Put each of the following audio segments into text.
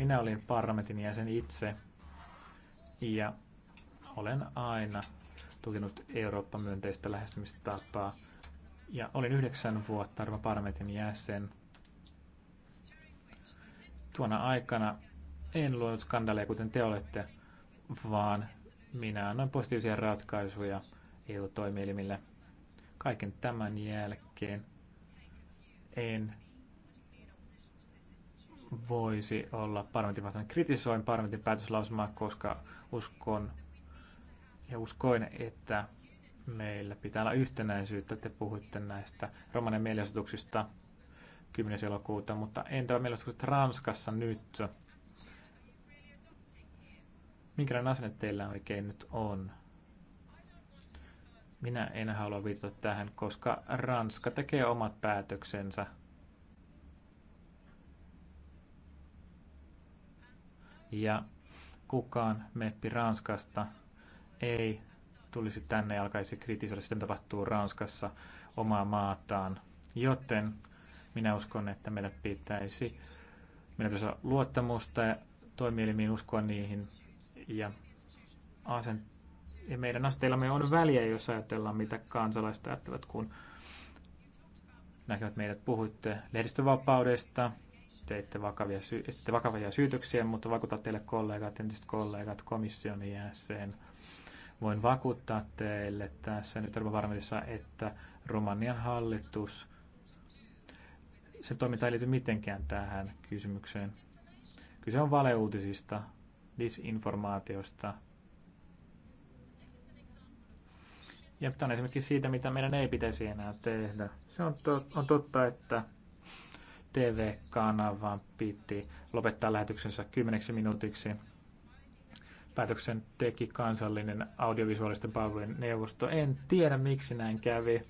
Minä olin parlamentin jäsen itse ja olen aina tukenut Eurooppa-myönteistä lähestymistapaa. Ja olin yhdeksän vuotta arvo parlamentin jäsen. Tuona aikana en luonut skandaaleja, kuten te olette, vaan minä annoin positiivisia ratkaisuja EU-toimielimille. Kaiken tämän jälkeen en voisi olla parlamentin vastaan. Kritisoin parlamentin päätöslausumaa, koska uskon ja uskoin, että meillä pitää olla yhtenäisyyttä. Te puhuitte näistä romanen mielenosoituksista 10. elokuuta, mutta entä mielenosoitukset Ranskassa nyt? Minkälainen asenne teillä oikein nyt on? Minä en halua viitata tähän, koska Ranska tekee omat päätöksensä – ja kukaan meppi Ranskasta ei tulisi tänne ja alkaisi kritisoida sitä, mitä tapahtuu Ranskassa omaa maataan. Joten minä uskon, että meillä pitäisi, meillä pitäisi olla luottamusta ja toimielimiin uskoa niihin. Ja, asen, ja meidän asteillamme on väliä, jos ajatellaan, mitä kansalaiset ajattelevat, kun näkevät meidät. Puhuitte lehdistövapaudesta, teitte vakavia, sy- esitte vakavia syytöksiä, mutta vakuutat teille kollegat, entiset kollegat, komission jäsen. Voin vakuuttaa teille tässä nyt Euroopan varmentissa, että Romanian hallitus, se toiminta ei liity mitenkään tähän kysymykseen. Kyse on valeuutisista, disinformaatiosta. Ja tämä on esimerkiksi siitä, mitä meidän ei pitäisi enää tehdä. Se on, to- on totta, että TV-kanavan piti lopettaa lähetyksensä kymmeneksi minuutiksi. Päätöksen teki kansallinen audiovisuaalisten palvelujen neuvosto. En tiedä, miksi näin kävi.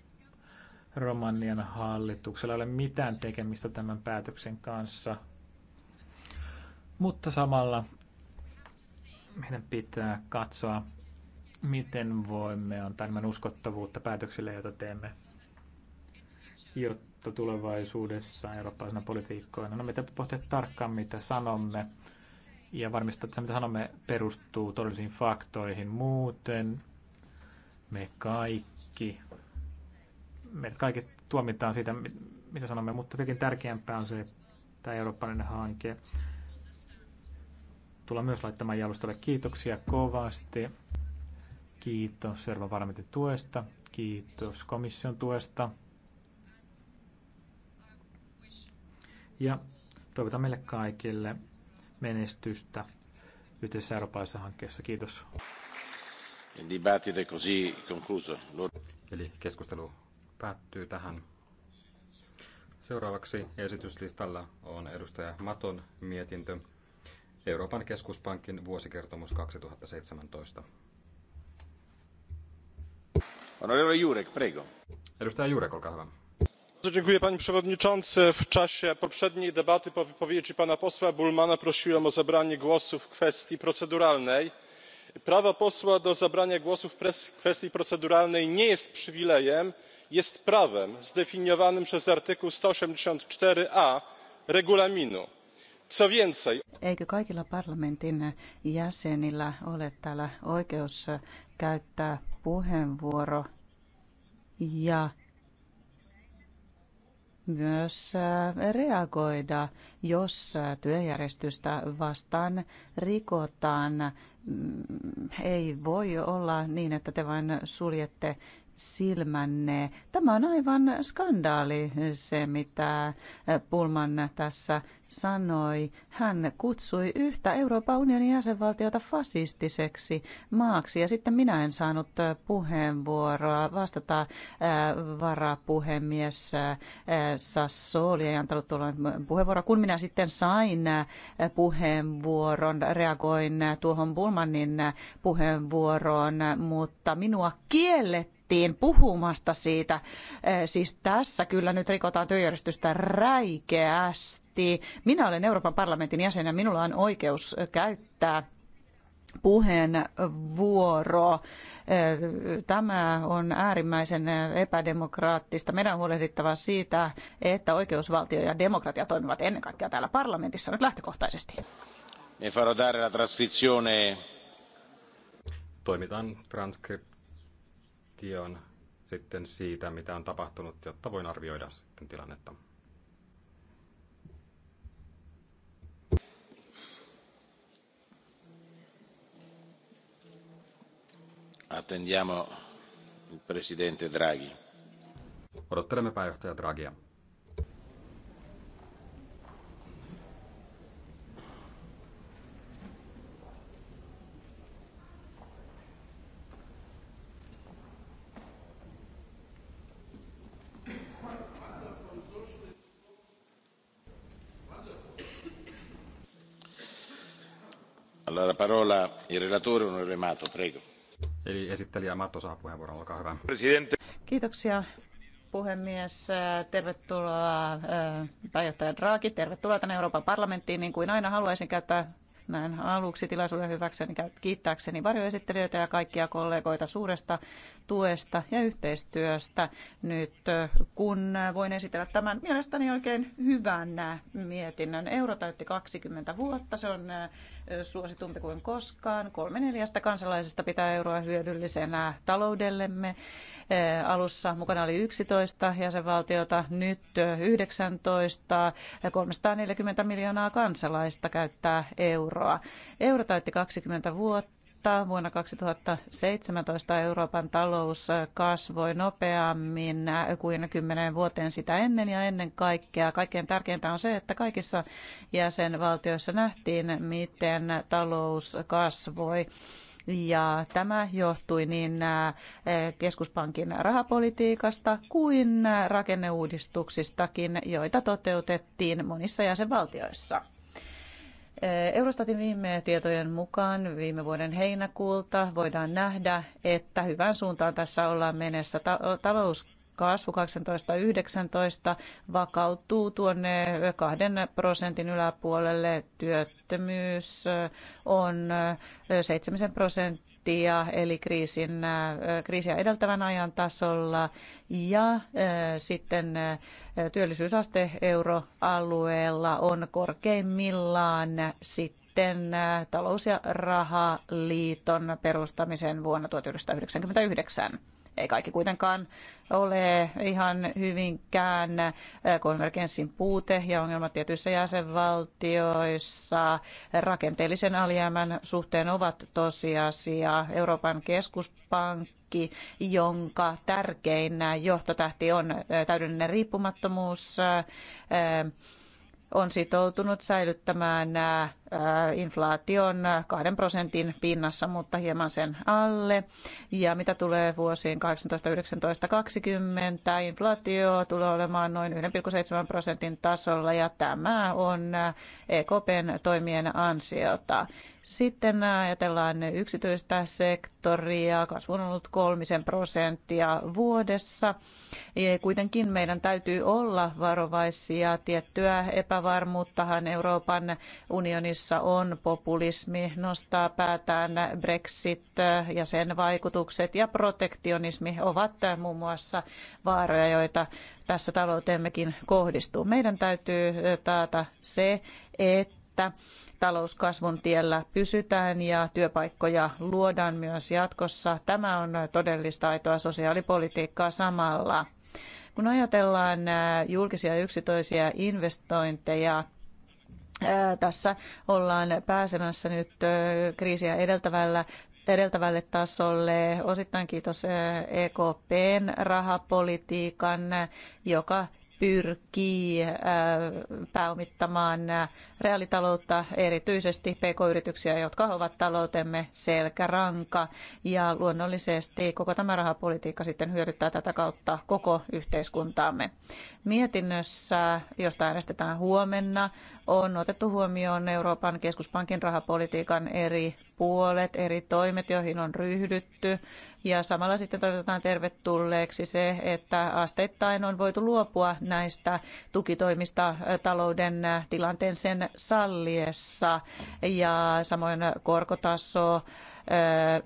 Romanian hallituksella ei ole mitään tekemistä tämän päätöksen kanssa. Mutta samalla meidän pitää katsoa, miten voimme antaa enemmän uskottavuutta päätöksille, joita teemme, jotta mutta tulevaisuudessa eurooppalaisena politiikkoina. No meitä pohtia tarkkaan, mitä sanomme ja varmistaa, että se, mitä sanomme, perustuu todellisiin faktoihin. Muuten me kaikki, meidät kaikki tuomitaan siitä, mitä sanomme, mutta kaikkein tärkeämpää on se, että eurooppalainen hanke tullaan myös laittamaan jalustalle. Kiitoksia kovasti. Kiitos Serva Varmitin tuesta. Kiitos komission tuesta. Ja toivotan meille kaikille menestystä yhteisessä eurooppalaisessa hankkeessa. Kiitos. Eli keskustelu päättyy tähän. Seuraavaksi esityslistalla on edustaja Maton mietintö Euroopan keskuspankin vuosikertomus 2017. Onorevole Jurek, prego. Edustaja Jurek, olkaa hyvä panie przewodniczący! w czasie poprzedniej debaty po wypowiedzi pana posła bullmanna prosiłem o zabranie głosu w kwestii proceduralnej. prawo posła do zabrania głosu w kwestii proceduralnej nie jest przywilejem jest prawem zdefiniowanym przez artykuł sto osiemdziesiąt cztery a regulaminu. co więcej. eikö kaikilla parlamentin jäsenillä ole täällä oikeus käyttää puheenvuoro ja myös äh, reagoida, jos äh, työjärjestystä vastaan rikotaan. Mm, ei voi olla niin, että te vain suljette silmänne. Tämä on aivan skandaali se, mitä eh, Pulman tässä sanoi. Hän kutsui yhtä Euroopan unionin jäsenvaltiota fasistiseksi maaksi ja sitten minä en saanut eh, puheenvuoroa vastata eh, varapuhemies Sassoli ei antanut tuolla puheenvuoroa. Kun minä sitten sain puheenvuoron, reagoin tuohon Bulmanin puheenvuoroon, mutta minua kiellettiin kiellettiin puhumasta siitä. Siis tässä kyllä nyt rikotaan työjärjestystä räikeästi. Minä olen Euroopan parlamentin jäsen ja minulla on oikeus käyttää puheenvuoro. Tämä on äärimmäisen epädemokraattista. Meidän on huolehdittava siitä, että oikeusvaltio ja demokratia toimivat ennen kaikkea täällä parlamentissa nyt lähtökohtaisesti. Toimitan transkript muistion sitten siitä, mitä on tapahtunut, jotta voin arvioida sitten tilannetta. Attendiamo il presidente Draghi. Odottelemme pääjohtaja Draghia. arvoisa Kiitoksia puhemies. Tervetuloa pääjohtaja Draghi, tervetuloa tänne Euroopan parlamenttiin. Niin kuin aina haluaisin käyttää näin aluksi tilaisuuden hyväkseni kiittääkseni varjoesittelijöitä ja kaikkia kollegoita suuresta tuesta ja yhteistyöstä nyt, kun voin esitellä tämän mielestäni oikein hyvän mietinnön. Euro täytti 20 vuotta, se on suositumpi kuin koskaan. Kolme neljästä kansalaisesta pitää euroa hyödyllisenä taloudellemme. Alussa mukana oli 11 jäsenvaltiota, nyt 19, 340 miljoonaa kansalaista käyttää euroa euroa. Euro täytti 20 vuotta. Vuonna 2017 Euroopan talous kasvoi nopeammin kuin 10 vuoteen sitä ennen ja ennen kaikkea. Kaikkein tärkeintä on se, että kaikissa jäsenvaltioissa nähtiin, miten talous kasvoi. Ja tämä johtui niin eh, keskuspankin rahapolitiikasta kuin rakenneuudistuksistakin, joita toteutettiin monissa jäsenvaltioissa. Eh, Eurostatin viime tietojen mukaan viime vuoden heinäkuulta voidaan nähdä, että hyvään suuntaan tässä ollaan menessä. talous talouskasvu 18 vakautuu tuonne kahden prosentin yläpuolelle. Työttömyys eh, on 7 eh, prosenttia prosenttia, eli kriisin, äh, kriisiä edeltävän ajan tasolla, ja äh, sitten äh, työllisyysaste euroalueella on korkeimmillaan sitten talous- ja rahaliiton perustamisen vuonna 1999. Ei kaikki kuitenkaan ole ihan hyvinkään konvergenssin puute ja ongelmat tietyissä jäsenvaltioissa rakenteellisen alijäämän suhteen ovat tosiasia. Euroopan keskuspankki jonka tärkein johtotähti on täydellinen riippumattomuus, on sitoutunut säilyttämään Äh, inflaation kahden prosentin pinnassa, mutta hieman sen alle. Ja mitä tulee vuosiin 18, 19, 20, inflaatio tulee olemaan noin 1,7 prosentin tasolla ja tämä on EKPn toimien ansiota. Sitten ajatellaan yksityistä sektoria, kasvu on ollut kolmisen prosenttia vuodessa. Kuitenkin meidän täytyy olla varovaisia. Tiettyä epävarmuuttahan Euroopan unionissa unionissa on populismi, nostaa päätään Brexit ja sen vaikutukset ja protektionismi ovat muun muassa vaaroja, joita tässä talouteemmekin kohdistuu. Meidän täytyy taata se, että talouskasvun tiellä pysytään ja työpaikkoja luodaan myös jatkossa. Tämä on todellista aitoa sosiaalipolitiikkaa samalla. Kun ajatellaan julkisia yksityisiä investointeja, tässä ollaan pääsemässä nyt kriisiä edeltävällä edeltävälle tasolle, osittain kiitos EKPn rahapolitiikan, joka pyrkii äh, pääomittamaan äh, reaalitaloutta, erityisesti pk-yrityksiä, jotka ovat taloutemme selkäranka. Ja luonnollisesti koko tämä rahapolitiikka sitten hyödyttää tätä kautta koko yhteiskuntaamme. Mietinnössä, josta äänestetään huomenna, on otettu huomioon Euroopan keskuspankin rahapolitiikan eri puolet, eri toimet, joihin on ryhdytty. Ja samalla sitten toivotetaan tervetulleeksi se, että asteittain on voitu luopua näistä tukitoimista talouden tilanteen sen salliessa. Ja samoin korkotaso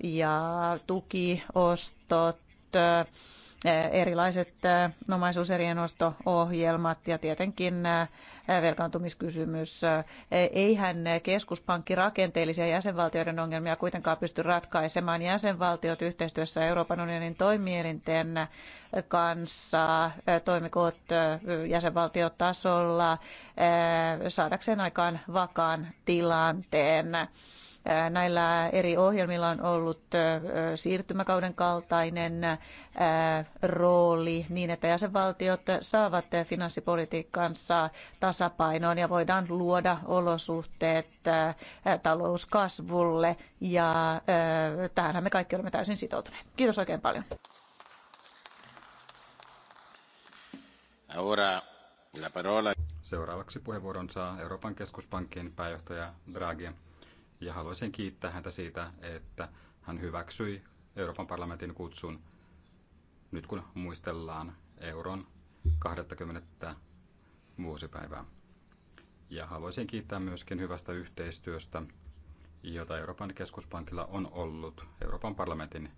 ja tukiostot Eh, erilaiset eh, omaisuuserien osto-ohjelmat ja tietenkin eh, velkaantumiskysymys. Eihän keskuspankki rakenteellisia jäsenvaltioiden ongelmia kuitenkaan pysty ratkaisemaan. Jäsenvaltiot yhteistyössä Euroopan unionin toimielinten kanssa, toimikot jäsenvaltiotasolla saadakseen aikaan vakaan tilanteen. Näillä eri ohjelmilla on ollut siirtymäkauden kaltainen rooli niin, että jäsenvaltiot saavat finanssipolitiikkansa tasapainoon ja voidaan luoda olosuhteet talouskasvulle ja tähän me kaikki olemme täysin sitoutuneet. Kiitos oikein paljon. Seuraavaksi puheenvuoron saa Euroopan keskuspankin pääjohtaja Draghi ja haluaisin kiittää häntä siitä, että hän hyväksyi Euroopan parlamentin kutsun nyt kun muistellaan euron 20. vuosipäivää. Ja haluaisin kiittää myöskin hyvästä yhteistyöstä, jota Euroopan keskuspankilla on ollut Euroopan parlamentin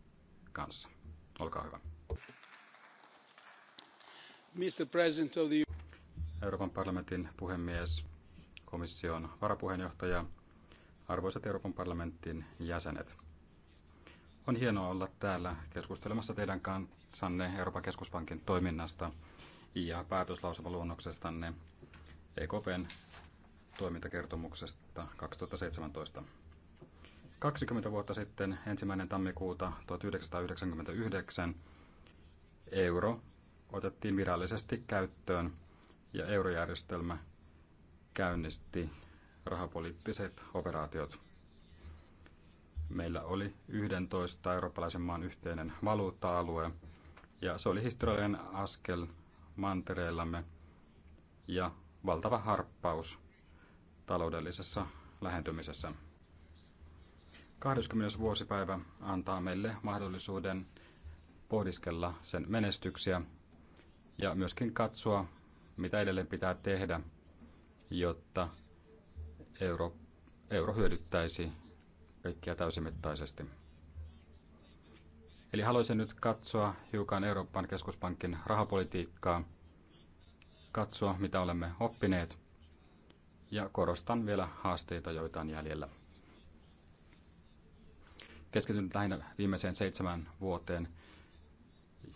kanssa. Olkaa hyvä. Mr. President of the... Euroopan parlamentin puhemies, komission varapuheenjohtaja, Arvoisat Euroopan parlamentin jäsenet, on hienoa olla täällä keskustelemassa teidän kanssanne Euroopan keskuspankin toiminnasta ja päätöslausumaluonnoksestanne EKPn toimintakertomuksesta 2017. 20 vuotta sitten, ensimmäinen tammikuuta 1999, euro otettiin virallisesti käyttöön ja eurojärjestelmä käynnisti rahapoliittiset operaatiot. Meillä oli 11 eurooppalaisen maan yhteinen valuutta-alue, ja se oli historiallinen askel mantereellamme ja valtava harppaus taloudellisessa lähentymisessä. 20. vuosipäivä antaa meille mahdollisuuden pohdiskella sen menestyksiä ja myöskin katsoa, mitä edelleen pitää tehdä, jotta euro, euro hyödyttäisi kaikkia täysimittaisesti. Eli haluaisin nyt katsoa hiukan Euroopan keskuspankin rahapolitiikkaa, katsoa mitä olemme oppineet ja korostan vielä haasteita, joita on jäljellä. Keskityn lähinnä viimeiseen seitsemän vuoteen,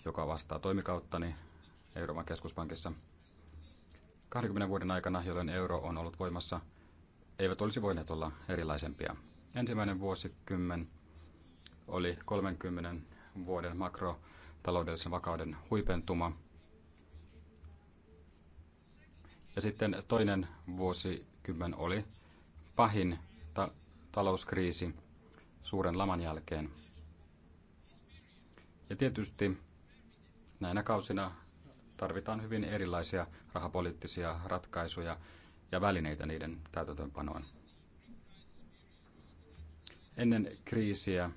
joka vastaa toimikauttani Euroopan keskuspankissa. 20 vuoden aikana, jolloin euro on ollut voimassa – eivät olisi voineet olla erilaisempia. Ensimmäinen vuosikymmen oli 30 vuoden makrotaloudellisen vakauden huipentuma. Ja sitten toinen vuosikymmen oli pahin ta- talouskriisi suuren laman jälkeen. Ja tietysti näinä kausina tarvitaan hyvin erilaisia rahapoliittisia ratkaisuja ja välineitä niiden täytäntöönpanoon. Ennen kriisiä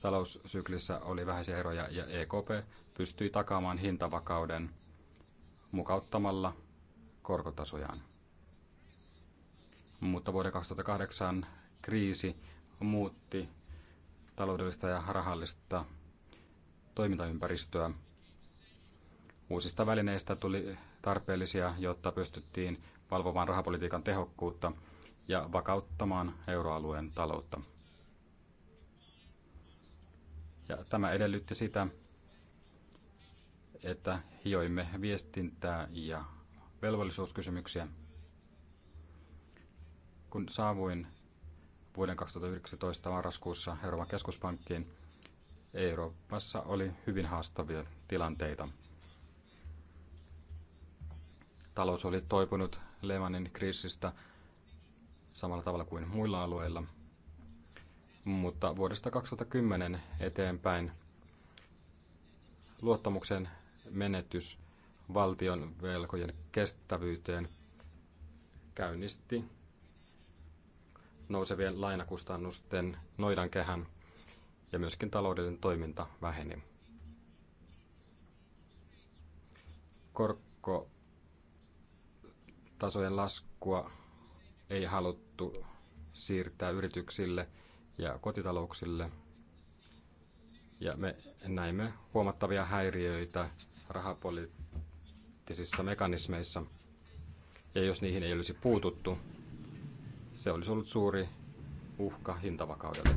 taloussyklissä oli vähäisiä eroja ja EKP pystyi takaamaan hintavakauden mukauttamalla korkotasojaan. Mutta vuoden 2008 kriisi muutti taloudellista ja rahallista toimintaympäristöä. Uusista välineistä tuli tarpeellisia, jotta pystyttiin valvomaan rahapolitiikan tehokkuutta ja vakauttamaan euroalueen taloutta. Ja tämä edellytti sitä, että hioimme viestintää ja velvollisuuskysymyksiä. Kun saavuin vuoden 2019 marraskuussa Euroopan keskuspankkiin, Euroopassa oli hyvin haastavia tilanteita – talous oli toipunut Lehmanin kriisistä samalla tavalla kuin muilla alueilla. Mutta vuodesta 2010 eteenpäin luottamuksen menetys valtion velkojen kestävyyteen käynnisti nousevien lainakustannusten noidankehän ja myöskin taloudellinen toiminta väheni. Korko tasojen laskua ei haluttu siirtää yrityksille ja kotitalouksille. Ja me näimme huomattavia häiriöitä rahapoliittisissa mekanismeissa. Ja jos niihin ei olisi puututtu, se olisi ollut suuri uhka hintavakaudelle.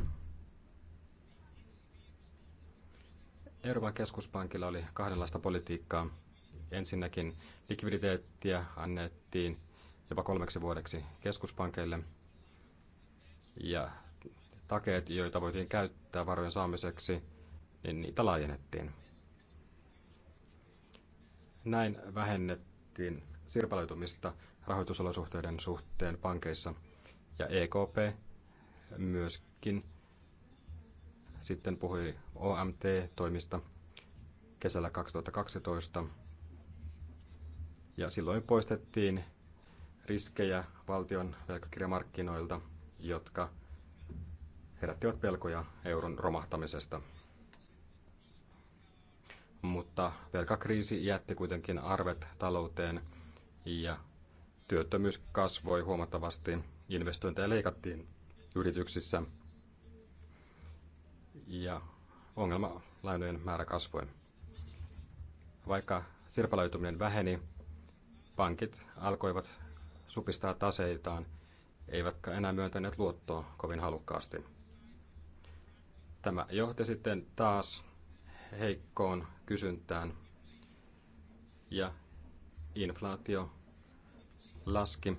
Euroopan keskuspankilla oli kahdenlaista politiikkaa. Ensinnäkin likviditeettiä annettiin jopa kolmeksi vuodeksi keskuspankeille ja takeet, joita voitiin käyttää varojen saamiseksi, niin niitä laajennettiin. Näin vähennettiin sirpaloitumista rahoitusolosuhteiden suhteen pankeissa ja EKP myöskin sitten puhui OMT-toimista kesällä 2012 ja silloin poistettiin riskejä valtion velkakirjamarkkinoilta, jotka herättivät pelkoja euron romahtamisesta. Mutta velkakriisi jätti kuitenkin arvet talouteen ja työttömyys kasvoi huomattavasti, investointeja leikattiin yrityksissä ja ongelmalainojen määrä kasvoi. Vaikka sirpaloituminen väheni, pankit alkoivat supistaa taseitaan, eivätkä enää myöntäneet luottoa kovin halukkaasti. Tämä johti sitten taas heikkoon kysyntään ja inflaatio laski.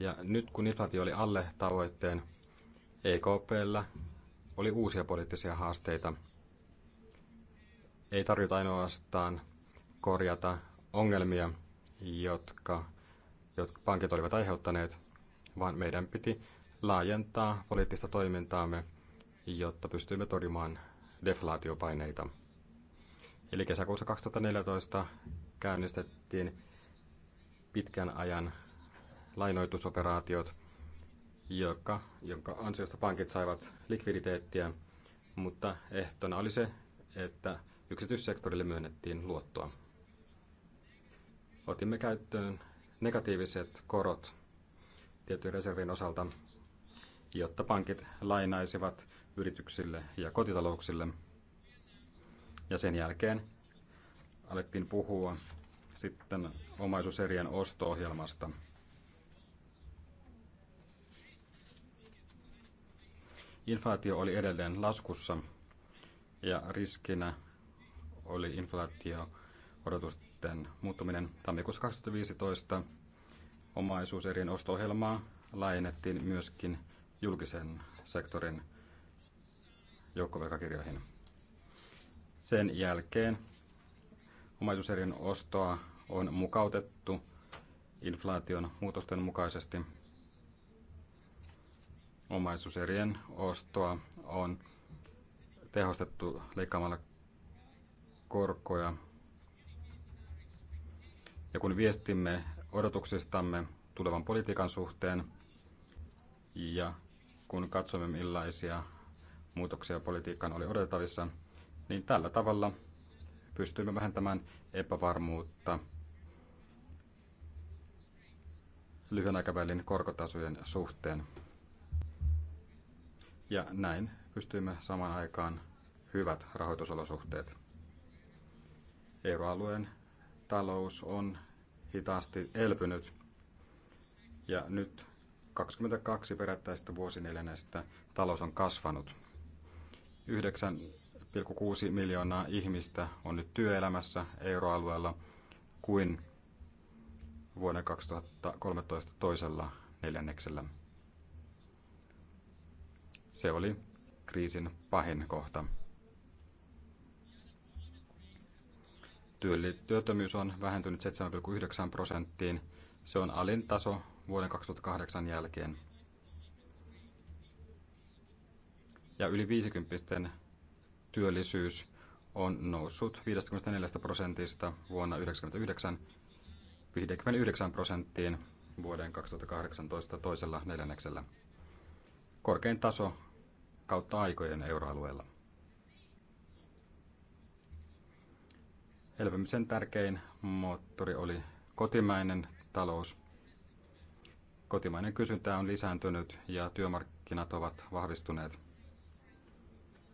Ja nyt kun inflaatio oli alle tavoitteen, EKPllä oli uusia poliittisia haasteita. Ei tarvita ainoastaan korjata ongelmia, jotka, jotka pankit olivat aiheuttaneet, vaan meidän piti laajentaa poliittista toimintaamme, jotta pystyimme torjumaan deflaatiopaineita. Eli kesäkuussa 2014 käynnistettiin pitkän ajan lainoitusoperaatiot, joka, jonka ansiosta pankit saivat likviditeettiä, mutta ehtona oli se, että yksityissektorille myönnettiin luottoa otimme käyttöön negatiiviset korot tietyn reservin osalta, jotta pankit lainaisivat yrityksille ja kotitalouksille. Ja sen jälkeen alettiin puhua sitten omaisuuserien osto-ohjelmasta. Inflaatio oli edelleen laskussa ja riskinä oli inflaatio odotus sitten muuttuminen tammikuussa 2015 omaisuuserien osto-ohjelmaa laajennettiin myöskin julkisen sektorin joukkovelkakirjoihin. Sen jälkeen omaisuuserien ostoa on mukautettu inflaation muutosten mukaisesti. Omaisuuserien ostoa on tehostettu leikkaamalla korkoja ja kun viestimme odotuksistamme tulevan politiikan suhteen ja kun katsomme millaisia muutoksia politiikkaan oli odotettavissa, niin tällä tavalla pystyimme vähentämään epävarmuutta lyhyen aikavälin korkotasojen suhteen. Ja näin pystyimme samaan aikaan hyvät rahoitusolosuhteet. Euroalueen talous on hitaasti elpynyt. Ja nyt 22 perättäistä vuosineljännestä talous on kasvanut. 9,6 miljoonaa ihmistä on nyt työelämässä euroalueella kuin vuoden 2013 toisella neljänneksellä. Se oli kriisin pahin kohta. työttömyys on vähentynyt 7,9 prosenttiin. Se on alin taso vuoden 2008 jälkeen. Ja yli 50 työllisyys on noussut 54 prosentista vuonna 1999 59 prosenttiin vuoden 2018 toisella neljänneksellä. Korkein taso kautta aikojen euroalueella. Elpymisen tärkein moottori oli kotimainen talous. Kotimainen kysyntä on lisääntynyt ja työmarkkinat ovat vahvistuneet.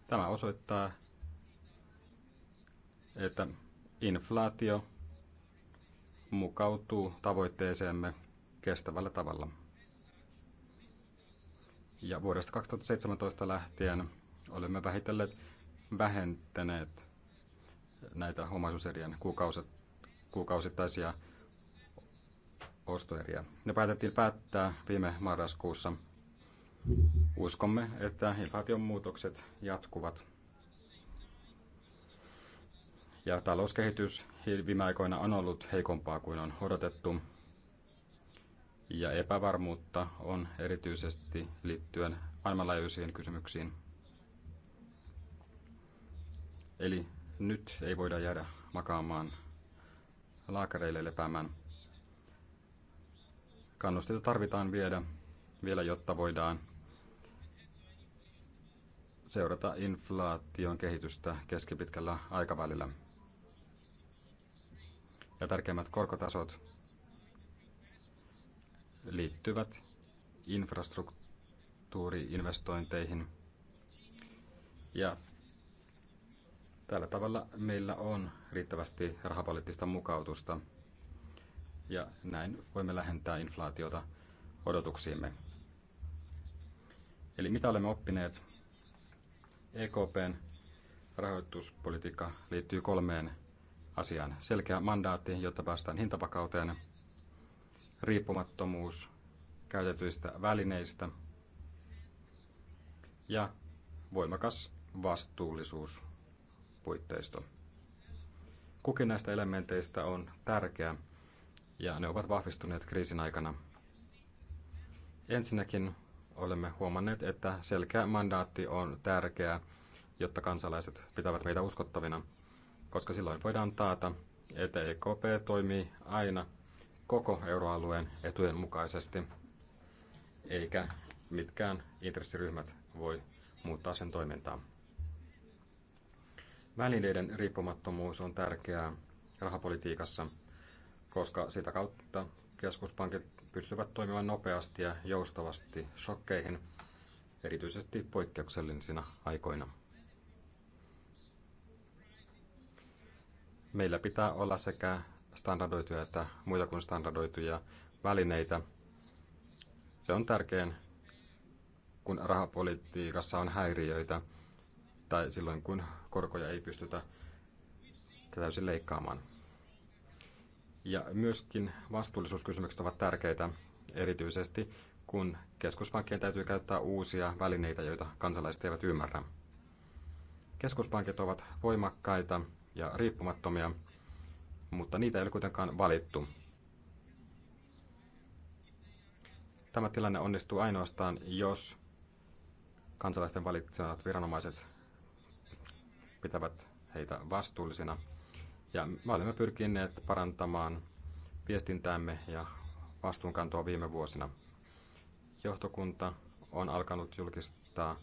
Tämä osoittaa, että inflaatio mukautuu tavoitteeseemme kestävällä tavalla. Ja vuodesta 2017 lähtien olemme vähitellen vähentäneet näitä omaisuuserien kuukausittaisia ostoeriä. Ne päätettiin päättää viime marraskuussa. Uskomme, että inflaation muutokset jatkuvat ja talouskehitys viime aikoina on ollut heikompaa kuin on odotettu. Ja epävarmuutta on erityisesti liittyen maailmanlaajuisiin kysymyksiin. Eli nyt ei voida jäädä makaamaan laakareille lepäämään. Kannusteita tarvitaan viedä vielä jotta voidaan seurata inflaation kehitystä keskipitkällä aikavälillä. Ja tärkeimmät korkotasot liittyvät infrastruktuuriinvestointeihin ja Tällä tavalla meillä on riittävästi rahapoliittista mukautusta ja näin voimme lähentää inflaatiota odotuksiimme. Eli mitä olemme oppineet? EKPn rahoituspolitiikka liittyy kolmeen asiaan. Selkeä mandaatti, jotta päästään hintapakauteen, riippumattomuus käytetyistä välineistä ja voimakas vastuullisuus puitteisto. Kukin näistä elementeistä on tärkeä ja ne ovat vahvistuneet kriisin aikana. Ensinnäkin olemme huomanneet, että selkeä mandaatti on tärkeä, jotta kansalaiset pitävät meitä uskottavina, koska silloin voidaan taata, että EKP toimii aina koko euroalueen etujen mukaisesti, eikä mitkään intressiryhmät voi muuttaa sen toimintaa. Välineiden riippumattomuus on tärkeää rahapolitiikassa, koska sitä kautta keskuspankit pystyvät toimimaan nopeasti ja joustavasti shokkeihin, erityisesti poikkeuksellisina aikoina. Meillä pitää olla sekä standardoituja että muita kuin standardoituja välineitä. Se on tärkein, kun rahapolitiikassa on häiriöitä tai silloin kun korkoja ei pystytä täysin leikkaamaan. Ja myöskin vastuullisuuskysymykset ovat tärkeitä, erityisesti kun keskuspankkien täytyy käyttää uusia välineitä, joita kansalaiset eivät ymmärrä. Keskuspankit ovat voimakkaita ja riippumattomia, mutta niitä ei ole kuitenkaan valittu. Tämä tilanne onnistuu ainoastaan, jos kansalaisten valitsemat viranomaiset pitävät heitä vastuullisina. Ja me olemme pyrkineet parantamaan viestintäämme ja vastuunkantoa viime vuosina. Johtokunta on alkanut julkistaa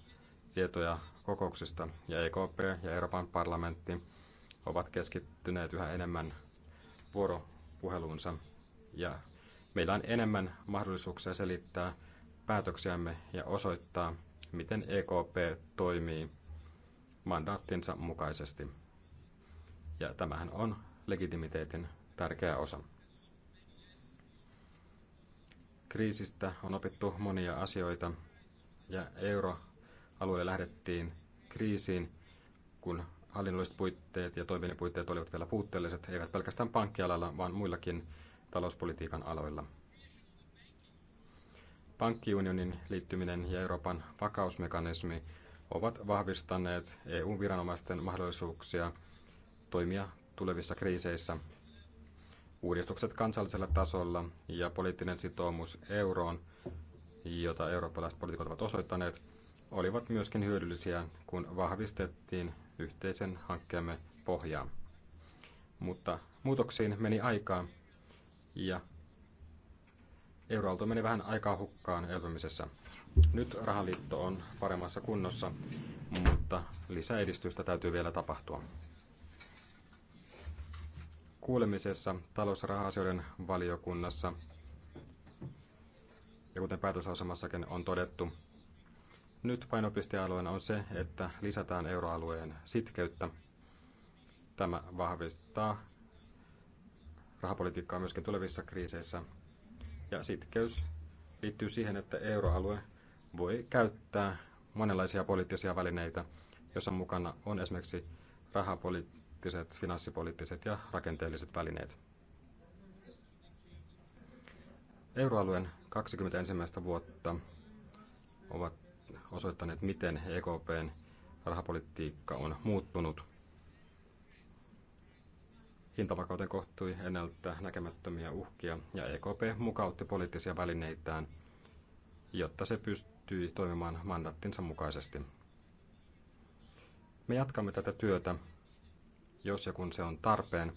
tietoja kokouksista ja EKP ja Euroopan parlamentti ovat keskittyneet yhä enemmän vuoropuheluunsa ja meillä on enemmän mahdollisuuksia selittää päätöksiämme ja osoittaa, miten EKP toimii mandaattinsa mukaisesti. Ja tämähän on legitimiteetin tärkeä osa. Kriisistä on opittu monia asioita ja euroalueelle lähdettiin kriisiin, kun hallinnolliset puitteet ja toiminnan puitteet olivat vielä puutteelliset, eivät pelkästään pankkialalla, vaan muillakin talouspolitiikan aloilla. Pankkiunionin liittyminen ja Euroopan vakausmekanismi ovat vahvistaneet EU-viranomaisten mahdollisuuksia toimia tulevissa kriiseissä. Uudistukset kansallisella tasolla ja poliittinen sitoumus euroon, jota eurooppalaiset poliitikot ovat osoittaneet, olivat myöskin hyödyllisiä, kun vahvistettiin yhteisen hankkeemme pohjaa. Mutta muutoksiin meni aikaa ja Euroalto meni vähän aikaa hukkaan elpymisessä. Nyt rahaliitto on paremmassa kunnossa, mutta lisäedistystä täytyy vielä tapahtua. Kuulemisessa talous- ja asioiden valiokunnassa ja kuten päätösasemassakin on todettu, nyt painopistealueena on se, että lisätään euroalueen sitkeyttä. Tämä vahvistaa rahapolitiikkaa myöskin tulevissa kriiseissä ja sitkeys liittyy siihen, että euroalue voi käyttää monenlaisia poliittisia välineitä, joissa mukana on esimerkiksi rahapoliittiset, finanssipoliittiset ja rakenteelliset välineet. Euroalueen 21. vuotta ovat osoittaneet, miten EKPn rahapolitiikka on muuttunut – Hintavakauteen kohtui ennältä näkemättömiä uhkia ja EKP mukautti poliittisia välineitään, jotta se pystyi toimimaan mandattinsa mukaisesti. Me jatkamme tätä työtä, jos ja kun se on tarpeen,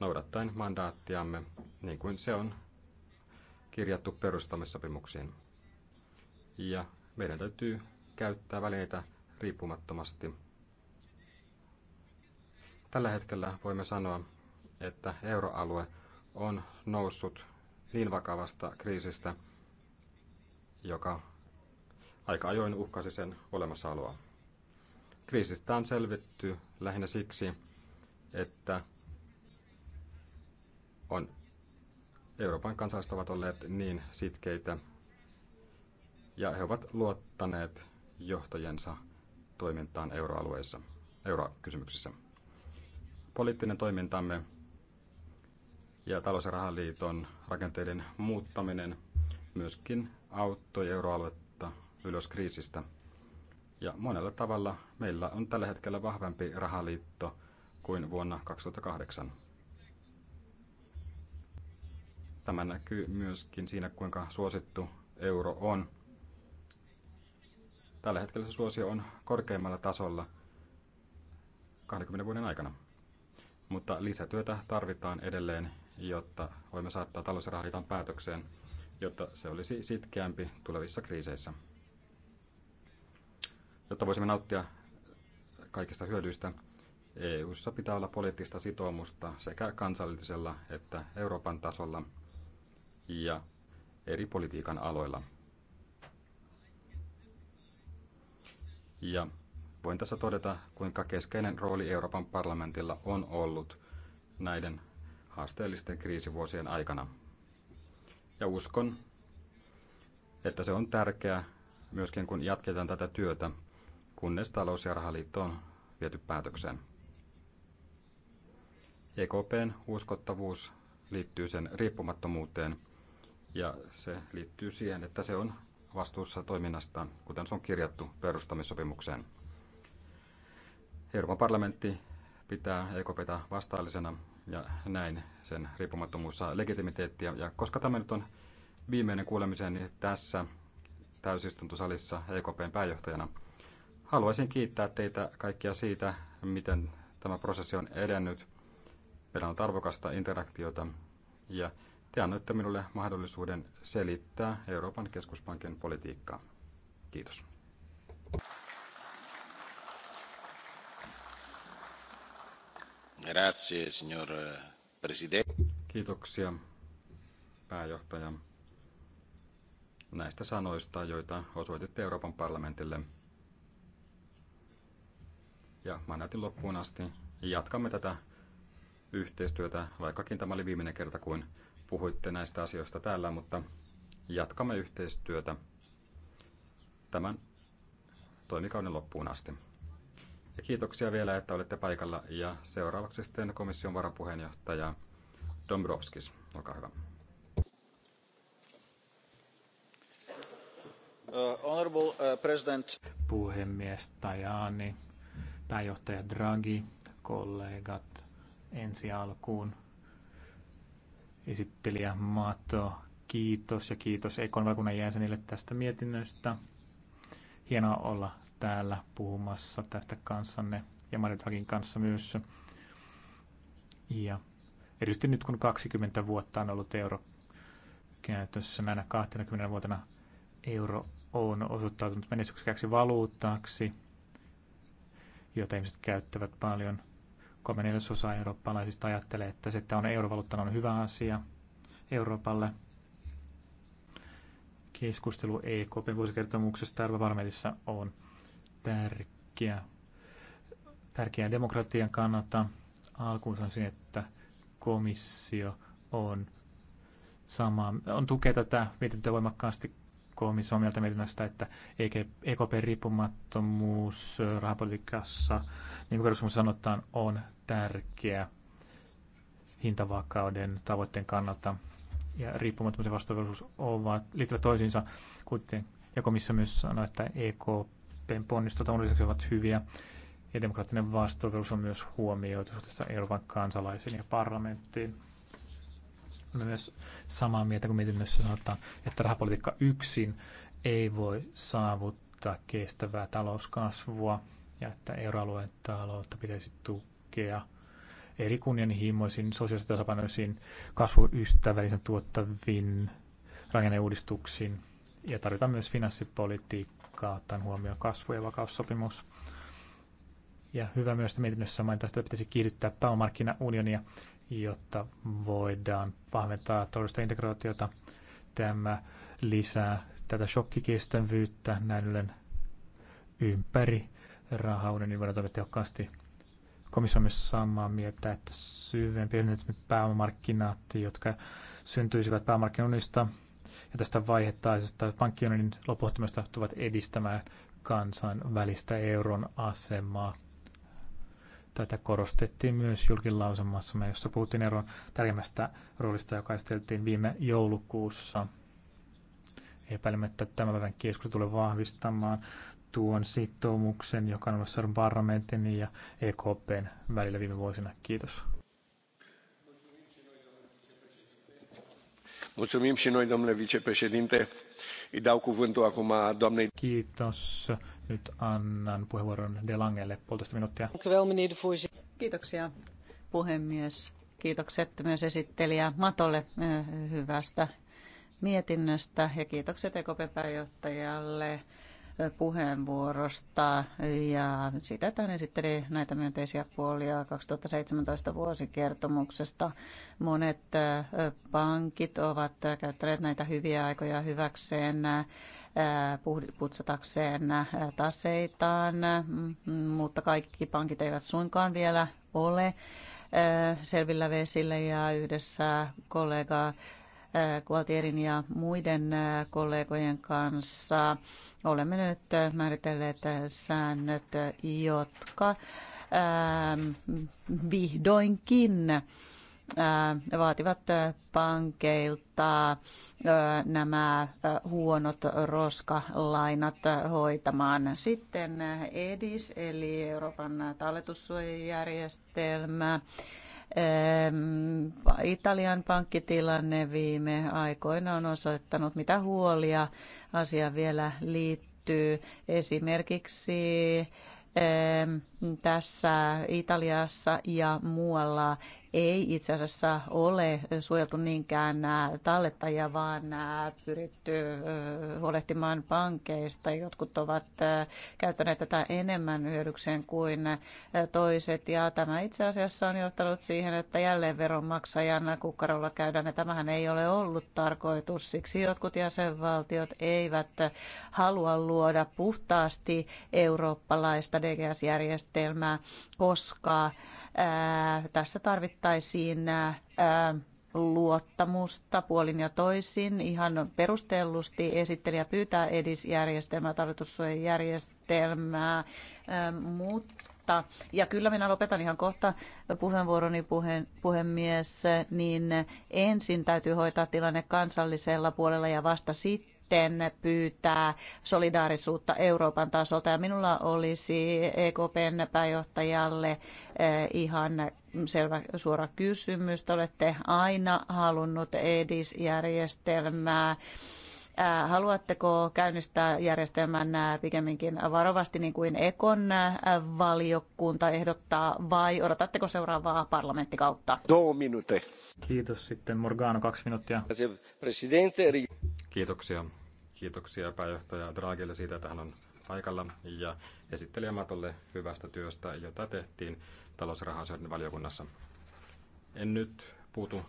noudattaen mandaattiamme niin kuin se on kirjattu perustamissopimuksiin. Ja meidän täytyy käyttää välineitä riippumattomasti – Tällä hetkellä voimme sanoa, että euroalue on noussut niin vakavasta kriisistä, joka aika ajoin uhkasi sen olemassaoloa. Kriisistä on selvitty lähinnä siksi, että on, Euroopan kansalaiset ovat olleet niin sitkeitä ja he ovat luottaneet johtajensa toimintaan euroalueessa, eurokysymyksissä poliittinen toimintamme ja talous- ja rahaliiton rakenteiden muuttaminen myöskin auttoi euroaluetta ylös kriisistä. Ja monella tavalla meillä on tällä hetkellä vahvempi rahaliitto kuin vuonna 2008. Tämä näkyy myöskin siinä, kuinka suosittu euro on. Tällä hetkellä se suosio on korkeimmalla tasolla 20 vuoden aikana mutta lisätyötä tarvitaan edelleen, jotta voimme saattaa talousrahaliiton päätökseen, jotta se olisi sitkeämpi tulevissa kriiseissä. Jotta voisimme nauttia kaikista hyödyistä, EU:ssa pitää olla poliittista sitoumusta sekä kansallisella että Euroopan tasolla ja eri politiikan aloilla. Ja voin tässä todeta, kuinka keskeinen rooli Euroopan parlamentilla on ollut näiden haasteellisten kriisivuosien aikana. Ja uskon, että se on tärkeää myöskin kun jatketaan tätä työtä, kunnes talous- ja rahaliitto on viety päätökseen. EKPn uskottavuus liittyy sen riippumattomuuteen ja se liittyy siihen, että se on vastuussa toiminnasta, kuten se on kirjattu perustamissopimukseen. Euroopan parlamentti pitää EKPtä vastaallisena ja näin sen riippumattomuus saa legitimiteettiä. Ja koska tämä nyt on viimeinen kuulemiseni niin tässä täysistuntosalissa EKPn pääjohtajana, haluaisin kiittää teitä kaikkia siitä, miten tämä prosessi on edennyt. Meillä on tarvokasta interaktiota ja te annoitte minulle mahdollisuuden selittää Euroopan keskuspankin politiikkaa. Kiitos. Grazie, signor Kiitoksia, pääjohtaja, näistä sanoista, joita osoititte Euroopan parlamentille. Ja mandaatin loppuun asti jatkamme tätä yhteistyötä, vaikkakin tämä oli viimeinen kerta, kun puhuitte näistä asioista täällä, mutta jatkamme yhteistyötä tämän toimikauden loppuun asti. Ja kiitoksia vielä, että olette paikalla. Ja seuraavaksi sitten komission varapuheenjohtaja Dombrovskis. Olkaa hyvä. Uh, honorable uh, President. Puhemies Tajani, pääjohtaja Draghi, kollegat ensi alkuun. Esittelijä Mato, kiitos ja kiitos Ekon valkunnan jäsenille tästä mietinnöstä. Hienoa olla täällä puhumassa tästä kanssanne ja Marit Hakin kanssa myös. Ja erityisesti nyt kun 20 vuotta on ollut euro käytössä näinä 20 vuotena euro on osoittautunut menestyksekkääksi valuuttaksi, jota ihmiset käyttävät paljon. Kolme neljäsosa eurooppalaisista ajattelee, että se, että on eurovaluutta, on hyvä asia Euroopalle. Keskustelu EKP vuosikertomuksesta Euroopan on tärkeä, tärkeä demokratian kannalta. Alkuun se, että komissio on sama, on tukea tätä mietintöä voimakkaasti komissio on mieltä mietinnästä, että EKP e riippumattomuus rahapolitiikassa, niin kuin perussuomassa sanotaan, on tärkeä hintavakauden tavoitteen kannalta. Ja riippumattomuus ja vastuullisuus ovat, liittyvät toisiinsa, kuten ja komissio myös sanoi, että EKP EPn ponnistot on lisäksi ovat hyviä. Ja demokraattinen vastuullisuus on myös huomioitu suhteessa Euroopan kansalaisiin ja parlamenttiin. Olen myös samaa mieltä, kun mietinnössä sanotaan, että rahapolitiikka yksin ei voi saavuttaa kestävää talouskasvua ja että euroalueen taloutta pitäisi tukea eri kunnianhimoisiin, sosiaalisesti tasapainoisiin, kasvuystävällisen tuottaviin rakenneuudistuksiin ja tarvitaan myös finanssipolitiikkaa aikaa ottaen huomioon kasvu- ja vakaussopimus. Ja hyvä myös, että mietinnössä mainitaan, että pitäisi kiihdyttää pääomarkkinaunionia, jotta voidaan vahventaa taloudellista integraatiota. Tämä lisää tätä shokkikestävyyttä näin ollen ympäri rahaunionin niin voidaan toimia tehokkaasti. Komissio on myös samaa mieltä, että syvempi pääomamarkkinaat, jotka syntyisivät pääomamarkkinoinnista, ja tästä vaihettaisesta pankkiunionin loputtomasta tulevat edistämään kansan välistä euron asemaa. Tätä korostettiin myös julkilausumassamme, jossa puhuttiin euron tärkeimmästä roolista, joka esiteltiin viime joulukuussa. Epäilemättä tämän päivän keskustelu tulee vahvistamaan tuon sitoumuksen, joka on ollut parlamentin ja EKPn välillä viime vuosina. Kiitos. Mulțumim și noi, domnule vicepreședinte. Îi dau cuvântul acum doamnei. Kiitos. Nyt annan puheenvuoron Delangelle puolitoista minuuttia. Kiitoksia puhemies. Kiitokset myös esittelijä Matolle eh, hyvästä mietinnöstä ja kiitokset EKP-pääjohtajalle puheenvuorosta ja siitä, että hän esitteli näitä myönteisiä puolia 2017 vuosikertomuksesta. Monet pankit ovat käyttäneet näitä hyviä aikoja hyväkseen putsatakseen taseitaan, mm, mutta kaikki pankit eivät suinkaan vielä ole selvillä vesillä ja yhdessä kollega Kualtierin äh, ja muiden äh, kollegojen kanssa olemme nyt äh, määritelleet säännöt, jotka ähm, vihdoinkin vaativat pankeilta nämä huonot roskalainat hoitamaan. Sitten EDIS eli Euroopan talletussuojajärjestelmä Italian pankkitilanne viime aikoina on osoittanut, mitä huolia asia vielä liittyy. Esimerkiksi tässä Italiassa ja muualla ei itse asiassa ole suojeltu niinkään tallettajia, vaan pyritty huolehtimaan pankeista. Jotkut ovat käyttäneet tätä enemmän hyödykseen kuin toiset. Ja tämä itse asiassa on johtanut siihen, että jälleen veronmaksajan kukkarolla käydään. Ja tämähän ei ole ollut tarkoitus. Siksi jotkut jäsenvaltiot eivät halua luoda puhtaasti eurooppalaista DGS-järjestelmää, koska tässä tarvittaisiin luottamusta puolin ja toisin. Ihan perustellusti esittelijä pyytää edisjärjestelmää, tarkoitussuojajärjestelmää, mutta ja kyllä minä lopetan ihan kohta puheenvuoroni puheen, puhemies, niin ensin täytyy hoitaa tilanne kansallisella puolella ja vasta sitten sitten pyytää solidaarisuutta Euroopan tasolta. Ja minulla olisi EKPn pääjohtajalle eh, ihan selvä suora kysymys. Te olette aina halunnut EDIS-järjestelmää. Eh, haluatteko käynnistää järjestelmän eh, pikemminkin varovasti niin kuin Ekon valiokunta ehdottaa vai odotatteko seuraavaa parlamenttikautta? Kiitos sitten Morgano, kaksi minuuttia. Presidente. Kiitoksia. Kiitoksia pääjohtaja Draghille siitä, että hän on paikalla ja esittelijä hyvästä työstä, jota tehtiin talous- valiokunnassa. En nyt puutu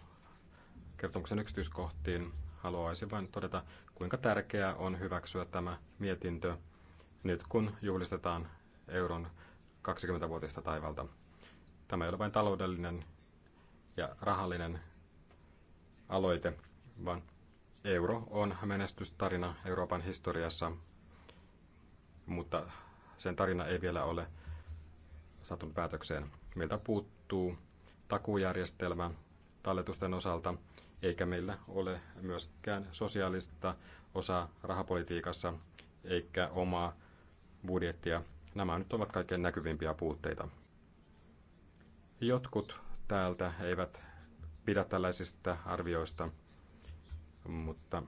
kertomuksen yksityiskohtiin. Haluaisin vain todeta, kuinka tärkeää on hyväksyä tämä mietintö nyt kun juhlistetaan euron 20-vuotista taivalta. Tämä ei ole vain taloudellinen ja rahallinen aloite, vaan Euro on menestystarina Euroopan historiassa, mutta sen tarina ei vielä ole saatu päätökseen. Meiltä puuttuu takuujärjestelmä talletusten osalta, eikä meillä ole myöskään sosiaalista osaa rahapolitiikassa, eikä omaa budjettia. Nämä nyt ovat kaikkein näkyvimpiä puutteita. Jotkut täältä eivät pidä tällaisista arvioista – mutta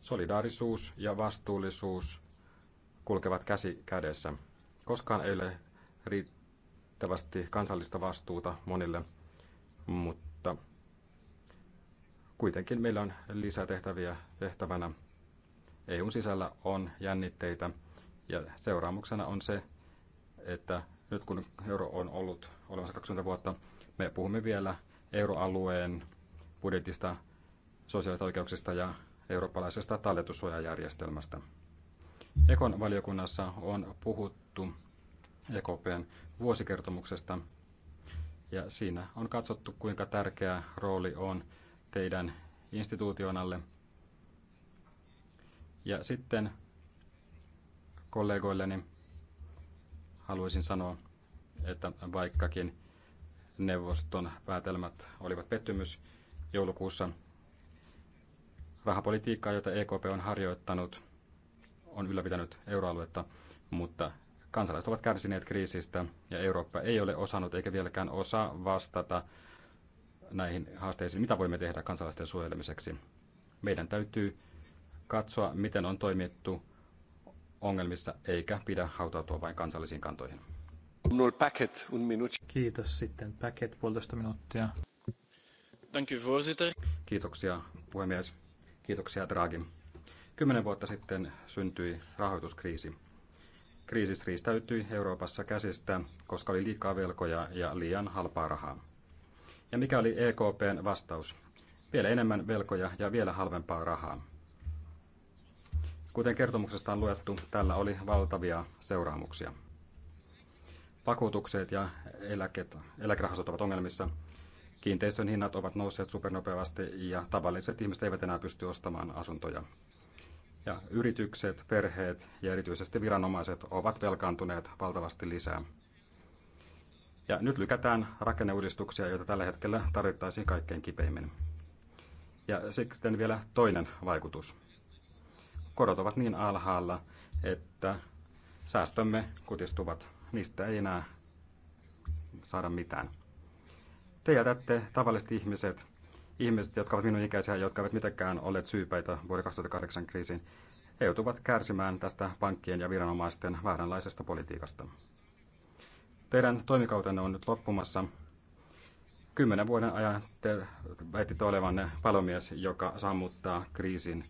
solidaarisuus ja vastuullisuus kulkevat käsi kädessä. Koskaan ei ole riittävästi kansallista vastuuta monille, mutta kuitenkin meillä on lisätehtäviä tehtävänä. EUn sisällä on jännitteitä ja seuraamuksena on se, että nyt kun euro on ollut olemassa 20 vuotta, me puhumme vielä euroalueen budjetista, sosiaalista oikeuksista ja eurooppalaisesta talletussuojajärjestelmästä. Ekon valiokunnassa on puhuttu EKPn vuosikertomuksesta ja siinä on katsottu, kuinka tärkeä rooli on teidän instituutionalle. Ja sitten kollegoilleni haluaisin sanoa, että vaikkakin neuvoston päätelmät olivat pettymys joulukuussa. Rahapolitiikkaa, jota EKP on harjoittanut, on ylläpitänyt euroaluetta, mutta kansalaiset ovat kärsineet kriisistä ja Eurooppa ei ole osannut eikä vieläkään osaa vastata näihin haasteisiin, mitä voimme tehdä kansalaisten suojelemiseksi. Meidän täytyy katsoa, miten on toimittu ongelmissa, eikä pidä hautautua vain kansallisiin kantoihin. Kiitos sitten. Packet puolitoista minuuttia. Thank you, voorzitter. Kiitoksia puhemies. Kiitoksia Draghi. Kymmenen vuotta sitten syntyi rahoituskriisi. Kriisis riistäytyi Euroopassa käsistä, koska oli liikaa velkoja ja liian halpaa rahaa. Ja mikä oli EKPn vastaus? Vielä enemmän velkoja ja vielä halvempaa rahaa. Kuten kertomuksesta on luettu, tällä oli valtavia seuraamuksia vakuutukset ja eläket, eläkerahastot ovat ongelmissa. Kiinteistön hinnat ovat nousseet supernopeasti ja tavalliset ihmiset eivät enää pysty ostamaan asuntoja. Ja yritykset, perheet ja erityisesti viranomaiset ovat velkaantuneet valtavasti lisää. Ja nyt lykätään rakenneuudistuksia, joita tällä hetkellä tarvittaisiin kaikkein kipeimmin. Ja sitten vielä toinen vaikutus. Korot ovat niin alhaalla, että säästömme kutistuvat niistä ei enää saada mitään. Te jätätte tavalliset ihmiset, ihmiset, jotka ovat minun ikäisiä, jotka eivät mitenkään olleet syypäitä vuoden 2008 kriisiin, he joutuvat kärsimään tästä pankkien ja viranomaisten vääränlaisesta politiikasta. Teidän toimikautenne on nyt loppumassa. Kymmenen vuoden ajan te väititte olevanne palomies, joka sammuttaa kriisin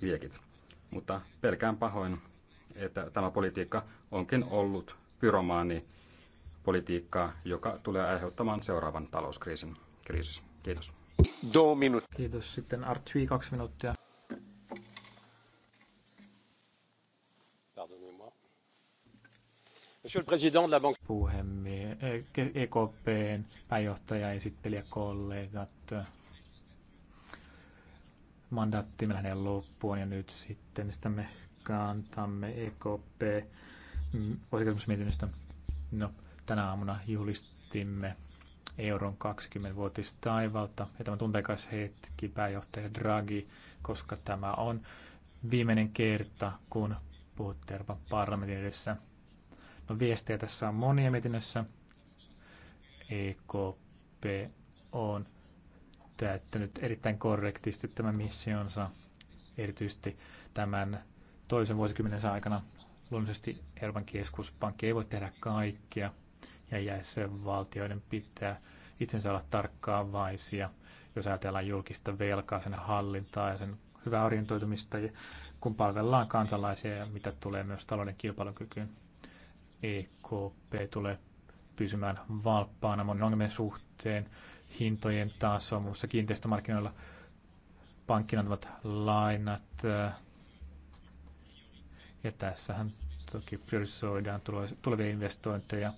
liekit. Mutta pelkään pahoin, että tämä politiikka onkin ollut pyromaani politiikkaa, joka tulee aiheuttamaan seuraavan talouskriisin. kriisissä. Kiitos. Kiitos. Sitten Artwi, kaksi minuuttia. Monsieur le Président de la Banque... Puhemies, EKPn eh, e pääjohtaja, esittelijä, kollegat. Mandaatti hänellä loppuun ja nyt sitten sitä me kantamme EKP vuosikertomusmietinnöstä. Mm, no, tänä aamuna julistimme euron 20-vuotistaivalta. Ja tämä tunteikas hetki pääjohtaja Draghi, koska tämä on viimeinen kerta, kun puhutte Euroopan parlamentin edessä. No viestejä tässä on monia mietinnössä. EKP on täyttänyt erittäin korrektisti tämän missionsa, erityisesti tämän toisen vuosikymmenen aikana. Luonnollisesti Euroopan keskuspankki ei voi tehdä kaikkea ja valtioiden pitää itsensä olla tarkkaavaisia, jos ajatellaan julkista velkaa, sen hallintaa ja sen hyvää orientoitumista, kun palvellaan kansalaisia ja mitä tulee myös talouden kilpailukykyyn. EKP tulee pysymään valppaana monen ongelmien suhteen, hintojen taso, muassa kiinteistömarkkinoilla pankkinat ovat lainat, ja tässähän toki priorisoidaan tulevia investointeja.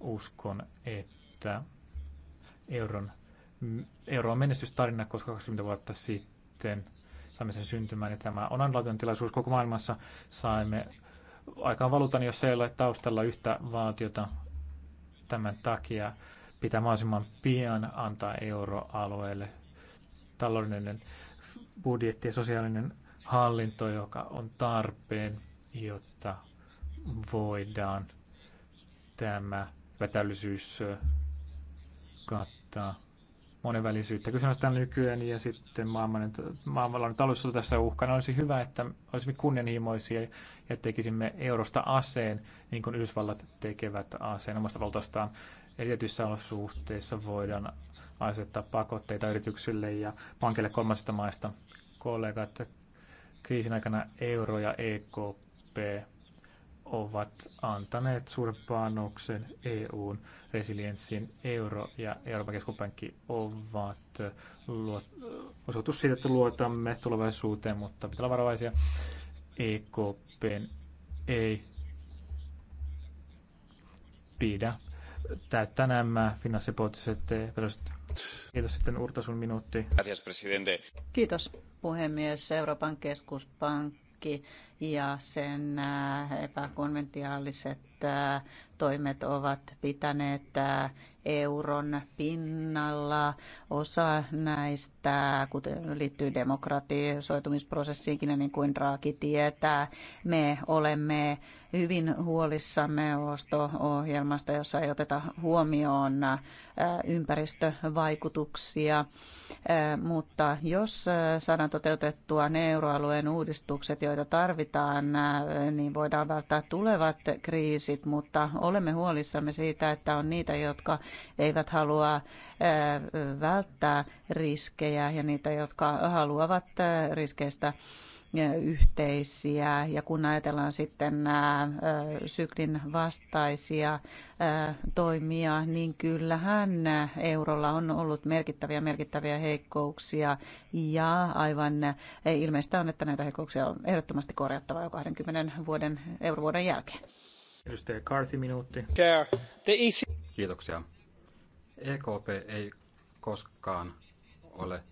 Uskon, että euron, euro on menestystarina, koska 20 vuotta sitten saimme sen syntymään. Ja tämä on ainutlaatuinen tilaisuus koko maailmassa. Saimme aikaan valuutan, jos ei ole taustalla yhtä valtiota tämän takia. Pitää mahdollisimman pian antaa euroalueelle taloudellinen budjetti ja sosiaalinen hallinto, joka on tarpeen jotta voidaan tämä vetällisyys kattaa monenvälisyyttä kyseenalaistaan nykyään ja sitten maailman, maailmanlainen talous on tässä uhkana. Olisi hyvä, että olisimme kunnianhimoisia ja tekisimme eurosta aseen, niin kuin Yhdysvallat tekevät aseen omasta valtaostaan. Erityisissä olosuhteissa voidaan asettaa pakotteita yrityksille ja pankeille kolmansista maista. Kollegat, kriisin aikana euro ja EKP EIP ovat antaneet suuren panoksen EUn resilienssiin euro ja Euroopan keskuspankki ovat luot, osoitus siitä, että luotamme tulevaisuuteen, mutta pitää olla varovaisia. EKPn ei pidä täyttää nämä finanssipoliittiset perusteet. Kiitos sitten Urta sun minuutti. Kiitos puhemies. Euroopan keskuspankki laki ja sen äh, epäkonventiaaliset toimet ovat pitäneet euron pinnalla. Osa näistä, kuten liittyy demokratisoitumisprosessiinkin ja niin kuin Raaki tietää, me olemme hyvin huolissamme osto-ohjelmasta, jossa ei oteta huomioon ympäristövaikutuksia. Mutta jos saadaan toteutettua ne euroalueen uudistukset, joita tarvitaan, niin voidaan välttää tulevat kriisit kriisit, mutta olemme huolissamme siitä, että on niitä, jotka eivät halua äh, välttää riskejä ja niitä, jotka haluavat äh, riskeistä äh, yhteisiä ja kun ajatellaan sitten nämä syklin vastaisia toimia, niin kyllähän eurolla on ollut merkittäviä merkittäviä heikkouksia ja aivan ilmeistä on, että näitä heikkouksia on ehdottomasti korjattava jo 20 vuoden eurovuoden jälkeen. Edustaja Carthy, minuutti. Kiitoksia. EKP ei koskaan ole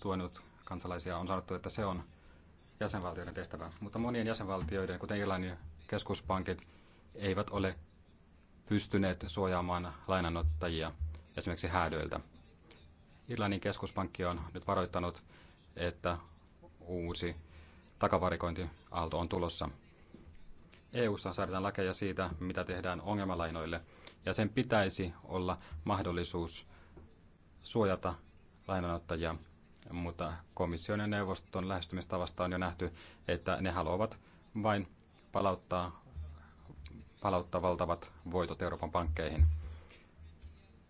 tuonut kansalaisia. On sanottu, että se on jäsenvaltioiden tehtävä. Mutta monien jäsenvaltioiden, kuten Irlannin keskuspankit, eivät ole pystyneet suojaamaan lainanottajia esimerkiksi häädöiltä. Irlannin keskuspankki on nyt varoittanut, että uusi takavarikointiaalto on tulossa. EU:ssa säädetään lakeja siitä, mitä tehdään ongelmalainoille, ja sen pitäisi olla mahdollisuus suojata lainanottajia, mutta komission ja neuvoston lähestymistavasta on jo nähty, että ne haluavat vain palauttaa, palauttaa valtavat voitot Euroopan pankkeihin.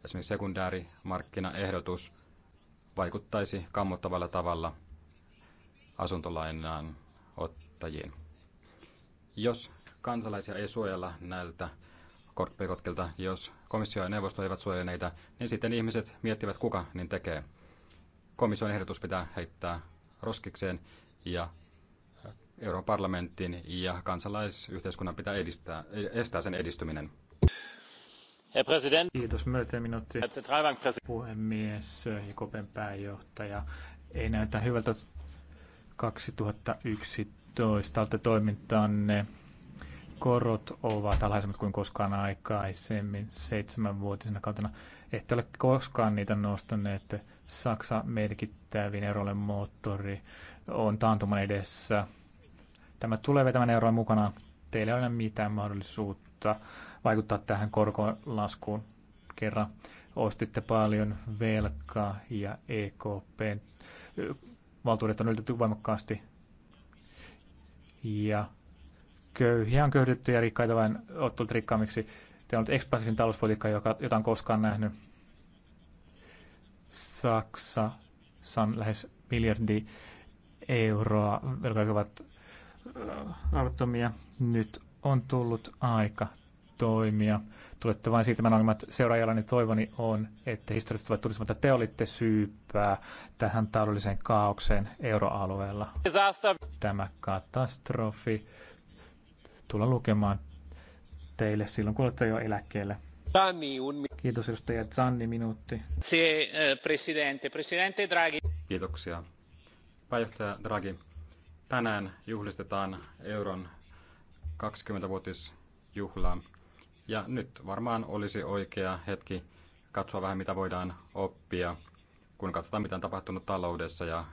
Esimerkiksi sekundäärimarkkinaehdotus vaikuttaisi kammottavalla tavalla asuntolainaan ottajiin. Jos kansalaisia ei suojella näiltä korppikotkelta. Jos komissio ja neuvosto eivät suojele näitä, niin sitten ihmiset miettivät, kuka niin tekee. Komission ehdotus pitää heittää roskikseen ja Euroopan parlamentin ja kansalaisyhteiskunnan pitää edistää, estää sen edistyminen. Herr President. Kiitos, myöten minuutti. Puhemies Jokopen pääjohtaja. Ei näytä hyvältä 2011 toimintaanne korot ovat alhaisemmat kuin koskaan aikaisemmin seitsemänvuotisena kautena. Ette ole koskaan niitä nostaneet. Saksa merkittävin eurolle moottori on taantuman edessä. Tämä tulee vetämään euroa mukana. Teillä ei ole mitään mahdollisuutta vaikuttaa tähän korkolaskuun kerran. Ostitte paljon velkaa ja EKP valtuudet on yltetty voimakkaasti. Ja köyhiä on köyhdytty ja rikkaita vain olet tullut rikkaammiksi. Tämä on ekspansiivinen talouspolitiikka, joka, jota on koskaan nähnyt. Saksa saa lähes miljardi euroa, jotka ovat äh, arvottomia. Nyt on tullut aika toimia. Tulette vain siirtämään ongelmat seuraajalla, niin toivoni on, että historialliset voi tulisi, mutta te olitte syypää tähän taloudelliseen kaaukseen euroalueella. Tämä katastrofi tulla lukemaan teille silloin, kun olette jo eläkkeellä. Zanni, un... Kiitos edustaja Zanni, minuutti. Se, eh, presidente. Presidente Draghi. Kiitoksia. Pääjohtaja Draghi, tänään juhlistetaan euron 20-vuotisjuhlaa. Ja nyt varmaan olisi oikea hetki katsoa vähän, mitä voidaan oppia, kun katsotaan, mitä on tapahtunut taloudessa ja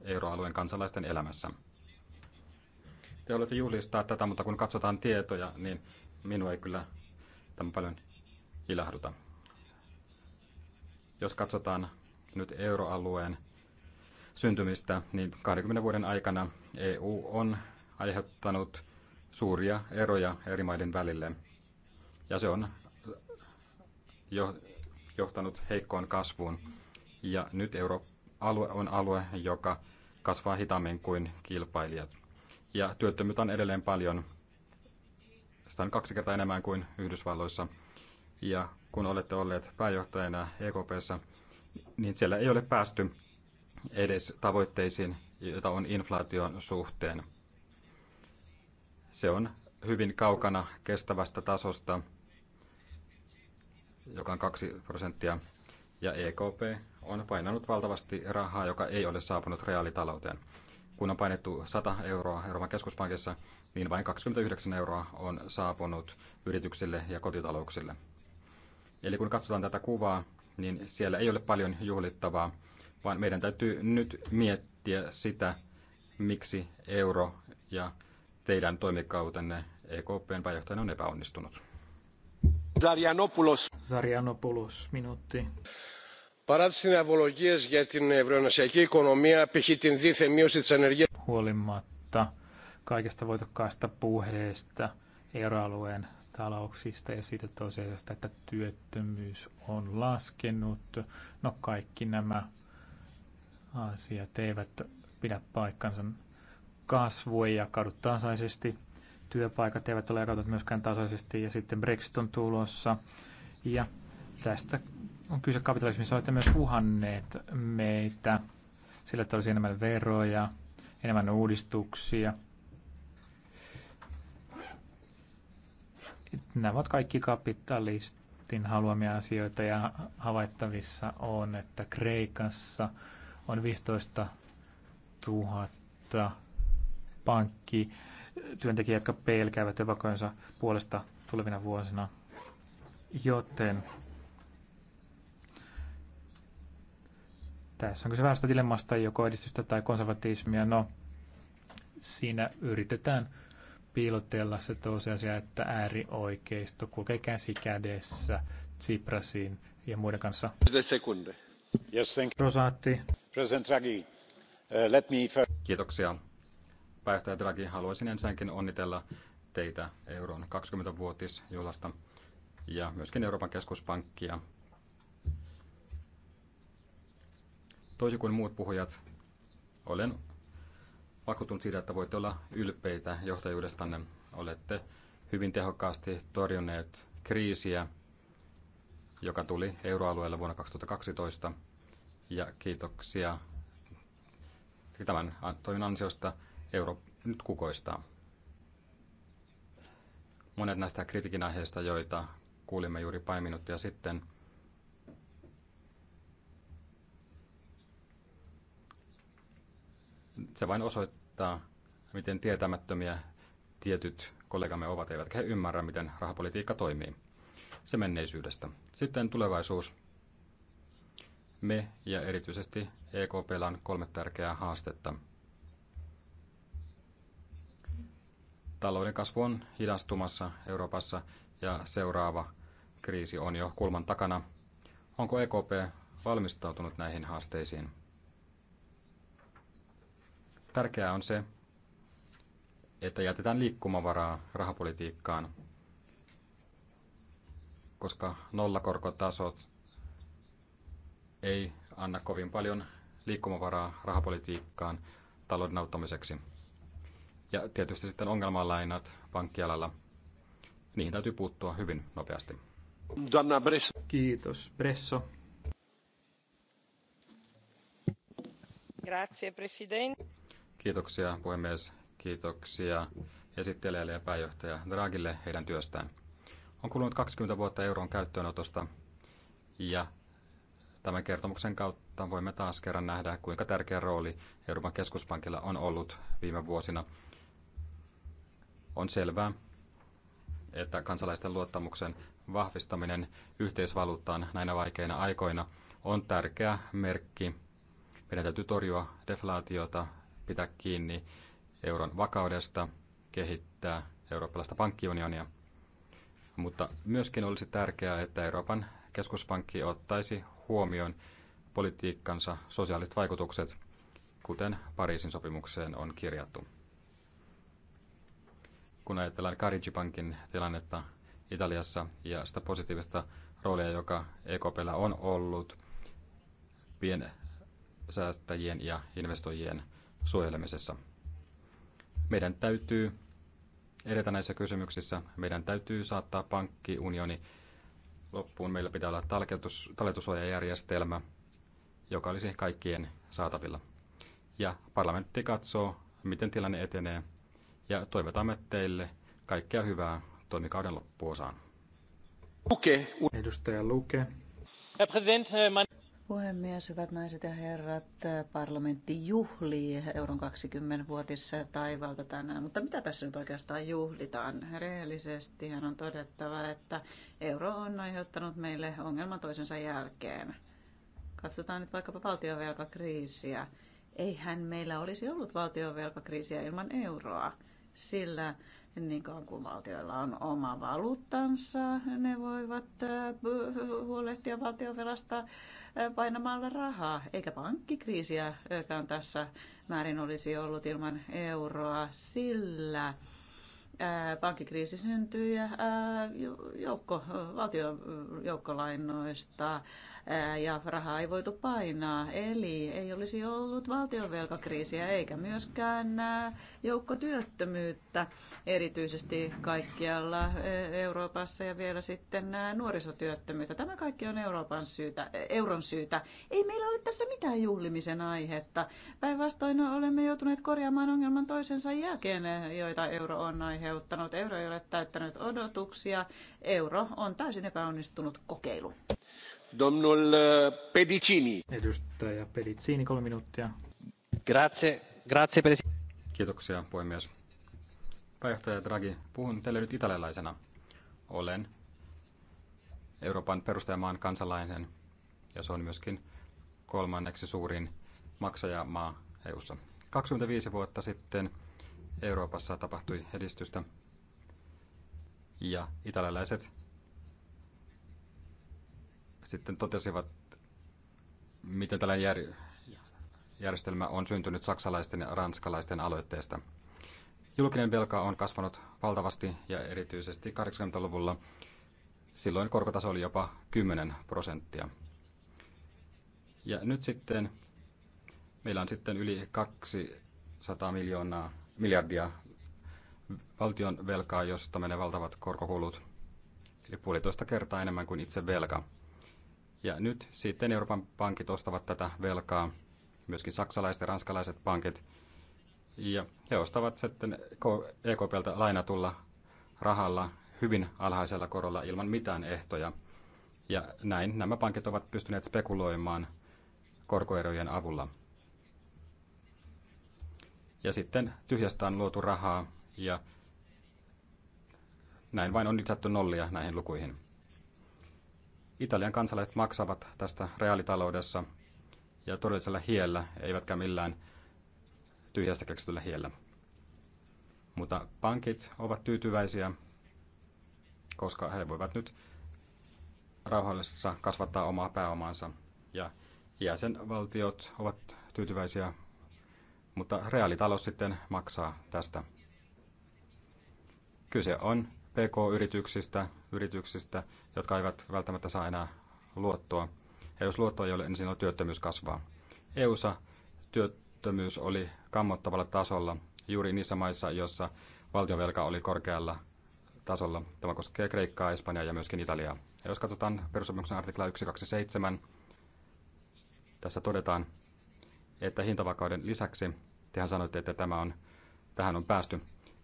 euroalueen kansalaisten elämässä te olette juhlistaa tätä, mutta kun katsotaan tietoja, niin minua ei kyllä tämän paljon ilahduta. Jos katsotaan nyt euroalueen syntymistä, niin 20 vuoden aikana EU on aiheuttanut suuria eroja eri maiden välille. Ja se on jo, johtanut heikkoon kasvuun. Ja nyt euroalue on alue, joka kasvaa hitaammin kuin kilpailijat ja työttömyyttä on edelleen paljon. Sitä on kaksi kertaa enemmän kuin Yhdysvalloissa. Ja kun olette olleet pääjohtajana EKPssä, niin siellä ei ole päästy edes tavoitteisiin, joita on inflaation suhteen. Se on hyvin kaukana kestävästä tasosta, joka on 2 prosenttia, ja EKP on painanut valtavasti rahaa, joka ei ole saapunut reaalitalouteen kun on painettu 100 euroa Euroopan keskuspankissa, niin vain 29 euroa on saapunut yrityksille ja kotitalouksille. Eli kun katsotaan tätä kuvaa, niin siellä ei ole paljon juhlittavaa, vaan meidän täytyy nyt miettiä sitä, miksi euro ja teidän toimikautenne EKPn pääjohtajana on epäonnistunut. Zarianopoulos. Zarianopoulos, minuutti. Παρά τις συναυολογίες για την ευρωενωσιακή οικονομia, π.χ. την δίθεν μείωση της ανεργίας... Huolimatta kaikesta voitokkaasta puheesta euroalueen talouksista ja siitä tosiasiasta, että työttömyys on laskenut. No kaikki nämä asiat eivät pidä paikkansa. Kasvu ei jakaudu tasaisesti, työpaikat eivät ole jakautuneet myöskään tasaisesti ja sitten Brexit on tulossa. Ja tästä on kyse kapitalismissa, olette myös uhanneet meitä sillä, että olisi enemmän veroja, enemmän uudistuksia. Nämä ovat kaikki kapitalistin haluamia asioita ja havaittavissa on, että Kreikassa on 15 000 pankki työntekijät, jotka pelkäävät evakoinsa puolesta tulevina vuosina. Joten Tässä on se sitä dilemmasta joko edistystä tai konservatismia. No, siinä yritetään piilotella se tosiasia, että äärioikeisto kulkee käsi kädessä Tsiprasiin ja muiden kanssa. Rosaatti. President Draghi, uh, let me first... Kiitoksia. Pääjohtaja Draghi, haluaisin ensinnäkin onnitella teitä euron 20-vuotisjuhlasta ja myöskin Euroopan keskuspankkia Toisin kuin muut puhujat, olen vakuutunut siitä, että voitte olla ylpeitä johtajuudestanne. Olette hyvin tehokkaasti torjuneet kriisiä, joka tuli Euroalueella vuonna 2012. Ja kiitoksia tämän toiminnan ansiosta euro nyt kukoistaa. Monet näistä kritiikin aiheista, joita kuulimme juuri pari minuuttia sitten – Se vain osoittaa, miten tietämättömiä tietyt kollegamme ovat, eivätkä he ymmärrä, miten rahapolitiikka toimii. Se menneisyydestä. Sitten tulevaisuus. Me ja erityisesti EKP on kolme tärkeää haastetta. Talouden kasvu on hidastumassa Euroopassa ja seuraava kriisi on jo kulman takana. Onko EKP valmistautunut näihin haasteisiin? Tärkeää on se, että jätetään liikkumavaraa rahapolitiikkaan, koska nollakorkotasot ei anna kovin paljon liikkumavaraa rahapolitiikkaan talouden auttamiseksi. Ja tietysti sitten ongelmalainat pankkialalla, niihin täytyy puuttua hyvin nopeasti. Donna Bresso. Kiitos. Bresso. Grazie, presidente. Kiitoksia puhemies, kiitoksia esittelijälle ja pääjohtaja Dragille heidän työstään. On kulunut 20 vuotta euron käyttöönotosta ja tämän kertomuksen kautta voimme taas kerran nähdä, kuinka tärkeä rooli Euroopan keskuspankilla on ollut viime vuosina. On selvää, että kansalaisten luottamuksen vahvistaminen yhteisvaluuttaan näinä vaikeina aikoina on tärkeä merkki. Meidän täytyy torjua deflaatiota, pitää kiinni euron vakaudesta, kehittää eurooppalaista pankkiunionia. Mutta myöskin olisi tärkeää, että Euroopan keskuspankki ottaisi huomioon politiikkansa sosiaaliset vaikutukset, kuten Pariisin sopimukseen on kirjattu. Kun ajatellaan Carigi-pankin tilannetta Italiassa ja sitä positiivista roolia, joka EKPllä on ollut säästäjien ja investoijien suojelemisessa. Meidän täytyy edetä näissä kysymyksissä. Meidän täytyy saattaa pankkiunioni loppuun. Meillä pitää olla talletus, talletussuojajärjestelmä, joka olisi kaikkien saatavilla. Ja parlamentti katsoo, miten tilanne etenee, ja toivotamme teille kaikkea hyvää toimikauden loppuosaan. Luke. Edustaja Luke. Herr Präsident, äh, mein puhemies, hyvät naiset ja herrat, parlamentti juhlii euron 20-vuotissa taivalta tänään. Mutta mitä tässä nyt oikeastaan juhlitaan? Rehellisesti on todettava, että euro on aiheuttanut meille ongelman toisensa jälkeen. Katsotaan nyt vaikkapa valtionvelkakriisiä. Eihän meillä olisi ollut valtionvelkakriisiä ilman euroa, sillä niin kauan kuin valtioilla on oma valuuttansa, ne voivat huolehtia valtiovelasta painamalla rahaa, eikä pankkikriisiäkään tässä määrin olisi ollut ilman euroa, sillä pankkikriisi syntyi joukko, valtion joukkolainoista, ja rahaa ei voitu painaa. Eli ei olisi ollut valtionvelkakriisiä eikä myöskään joukkotyöttömyyttä erityisesti kaikkialla Euroopassa ja vielä sitten nuorisotyöttömyyttä. Tämä kaikki on Euroopan syytä, euron syytä. Ei meillä ole tässä mitään juhlimisen aihetta. Päinvastoin olemme joutuneet korjaamaan ongelman toisensa jälkeen, joita euro on aiheuttanut. Euro ei ole täyttänyt odotuksia. Euro on täysin epäonnistunut kokeilu. Domnul eh, Pedicini. Edustaja Pedicini, kolme minuuttia. Grazie, grazie presidente. Kiitoksia, puhemies. Pääjohtaja Draghi, puhun teille nyt italialaisena. Olen Euroopan perustajamaan kansalainen ja se on myöskin kolmanneksi suurin maksajamaa EU-ssa. 25 vuotta sitten Euroopassa tapahtui edistystä ja italialaiset sitten totesivat, miten tällainen jär, järjestelmä on syntynyt saksalaisten ja ranskalaisten aloitteesta. Julkinen velka on kasvanut valtavasti ja erityisesti 80-luvulla. Silloin korkotaso oli jopa 10 prosenttia. Ja nyt sitten meillä on sitten yli 200 miljoonaa, miljardia valtion velkaa, josta menee valtavat korkokulut, eli puolitoista kertaa enemmän kuin itse velka. Ja nyt sitten Euroopan pankit ostavat tätä velkaa, myöskin saksalaiset ja ranskalaiset pankit. Ja he ostavat sitten EKPltä lainatulla rahalla hyvin alhaisella korolla ilman mitään ehtoja. Ja näin nämä pankit ovat pystyneet spekuloimaan korkoerojen avulla. Ja sitten tyhjästä on luotu rahaa ja näin vain on lisätty nollia näihin lukuihin. Italian kansalaiset maksavat tästä reaalitaloudessa ja todellisella hiellä, eivätkä millään tyhjästä keksityllä hiellä. Mutta pankit ovat tyytyväisiä, koska he voivat nyt rauhallisessa kasvattaa omaa pääomaansa. Ja jäsenvaltiot ovat tyytyväisiä, mutta reaalitalous sitten maksaa tästä. Kyse on PK-yrityksistä, yrityksistä, jotka eivät välttämättä saa enää luottoa. Ja jos luottoa ei ole, niin silloin työttömyys kasvaa. EU:ssa työttömyys oli kammottavalla tasolla juuri niissä maissa, joissa valtionvelka oli korkealla tasolla. Tämä koskee Kreikkaa, Espanjaa ja myöskin Italiaa. Ja jos katsotaan perussopimuksen artikla 127, tässä todetaan, että hintavakauden lisäksi, tehän sanoitte, että tämä on, tähän on päästy,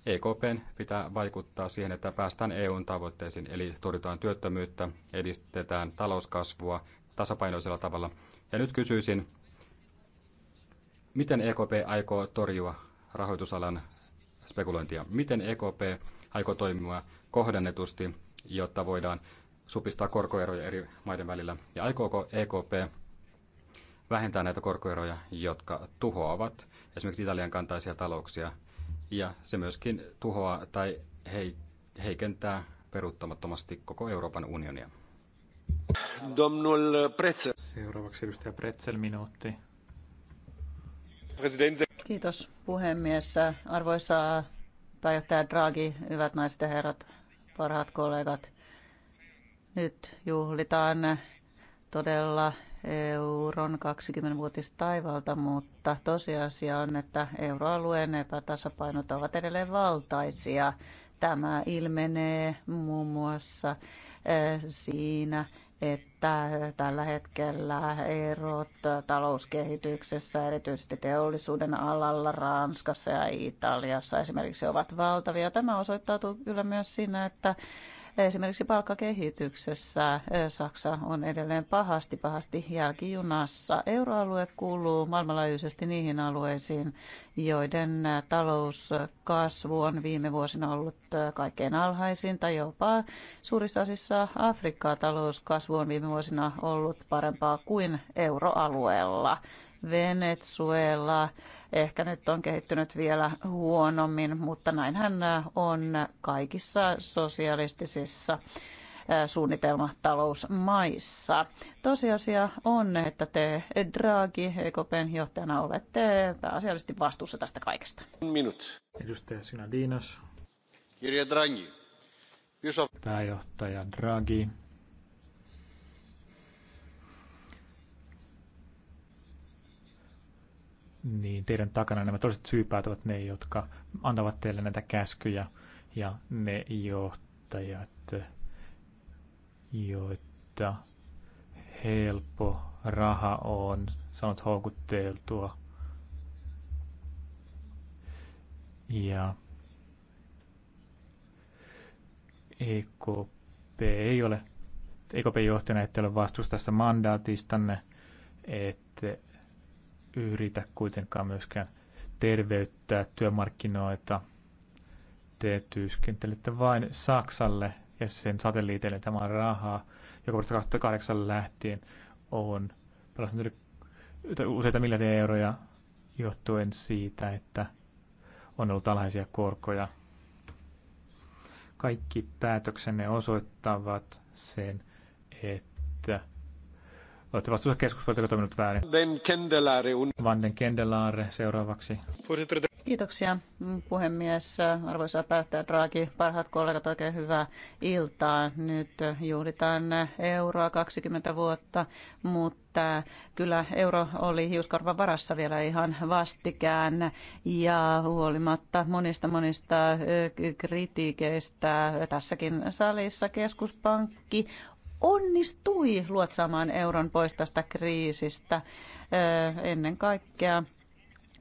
EKPn pitää vaikuttaa siihen, että päästään EUn tavoitteisiin, eli torjutaan työttömyyttä, edistetään talouskasvua tasapainoisella tavalla. Ja nyt kysyisin, miten EKP aikoo torjua rahoitusalan spekulointia? Miten EKP aikoo toimia kohdennetusti, jotta voidaan supistaa korkoeroja eri maiden välillä? Ja aikooko EKP vähentää näitä korkoeroja, jotka tuhoavat esimerkiksi Italian kantaisia talouksia – ja se myöskin tuhoaa tai heikentää peruuttamattomasti koko Euroopan unionia. Domnul Pretzel. Seuraavaksi edustaja Pretzel, minuutti. Kiitos puhemies. Arvoisa pääjohtaja Draghi, hyvät naiset ja herrat, parhaat kollegat. Nyt juhlitaan todella euron 20 taivalta, mutta tosiasia on, että euroalueen epätasapainot ovat edelleen valtaisia. Tämä ilmenee muun muassa eh, siinä, että tällä hetkellä erot talouskehityksessä, erityisesti teollisuuden alalla Ranskassa ja Italiassa esimerkiksi ovat valtavia. Tämä osoittautuu kyllä myös siinä, että Esimerkiksi palkkakehityksessä Saksa on edelleen pahasti, pahasti jälkijunassa. Euroalue kuuluu maailmanlaajuisesti niihin alueisiin, joiden talouskasvu on viime vuosina ollut kaikkein alhaisin tai jopa suurissa osissa Afrikkaa talouskasvu on viime vuosina ollut parempaa kuin euroalueella. Venezuela ehkä nyt on kehittynyt vielä huonommin, mutta näinhän on kaikissa sosialistisissa suunnitelmatalousmaissa. Tosiasia on, että te Draghi, EKPn johtajana, olette pääasiallisesti vastuussa tästä kaikesta. Minut. Edustaja Sinadinas. Kirja Draghi. Pääjohtaja Draghi niin teidän takana nämä toiset syypäät ovat ne, jotka antavat teille näitä käskyjä ja ne johtajat, joita helppo raha on, sanot houkutteltua. Ja EKP ei ole, EKP-johtajana ette ole vastuussa tässä mandaatistanne, että yritä kuitenkaan myöskään terveyttää työmarkkinoita. Te työskentelette vain Saksalle ja sen satelliiteille tämä on rahaa, joka vuodesta 2008 lähtien on pelastanut useita miljardia euroja johtuen siitä, että on ollut alhaisia korkoja. Kaikki päätöksenne osoittavat sen, että Olette vastuussa keskustelusta, toiminut väärin. Van den Kendelaare seuraavaksi. Kiitoksia mm, puhemies. Arvoisa päättäjä Draghi, parhaat kollegat, oikein hyvää iltaa. Nyt juhlitaan euroa 20 vuotta, mutta kyllä euro oli hiuskorvan varassa vielä ihan vastikään ja huolimatta monista monista kritiikeistä tässäkin salissa keskuspankki onnistui luotsaamaan euron pois tästä kriisistä ennen kaikkea.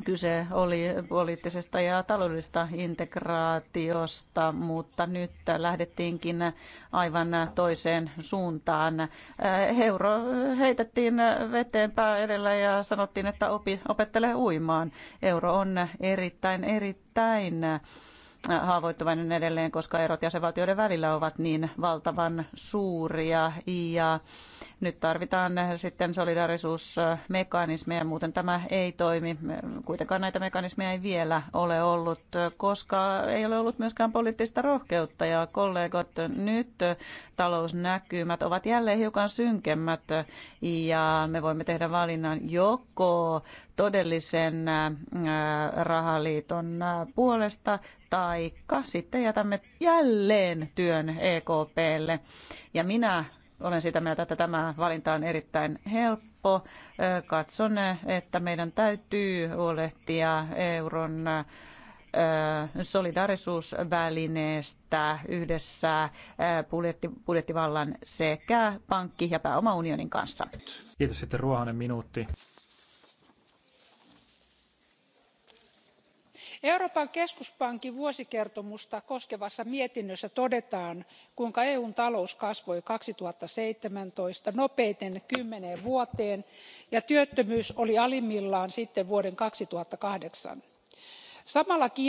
Kyse oli poliittisesta ja taloudellisesta integraatiosta, mutta nyt lähdettiinkin aivan toiseen suuntaan. Euro heitettiin pää edellä ja sanottiin, että opi, opettele uimaan. Euro on erittäin, erittäin haavoittuvainen edelleen, koska erot jäsenvaltioiden välillä ovat niin valtavan suuria ja nyt tarvitaan sitten solidarisuusmekanismeja, muuten tämä ei toimi. Kuitenkaan näitä mekanismeja ei vielä ole ollut, koska ei ole ollut myöskään poliittista rohkeutta ja kollegot, nyt talousnäkymät ovat jälleen hiukan synkemmät ja me voimme tehdä valinnan joko todellisen rahaliiton puolesta, tai sitten jätämme jälleen työn EKPlle. Ja minä olen sitä mieltä, että tämä valinta on erittäin helppo. Katson, että meidän täytyy huolehtia euron solidarisuusvälineestä yhdessä budjetti, budjettivallan sekä pankki- ja pääomaunionin kanssa. Kiitos sitten Ruohonen minuutti. euroopan keskuspankin vuosikertomusta koskevassa mietinnössä todetaan kuinka eun talous kasvoi kaksituhatta seitsemäntoista nopeiten kymmeneen vuoteen ja työttömyys oli alimmillaan sitten vuoden kaksituhatta kahdeksan. samalla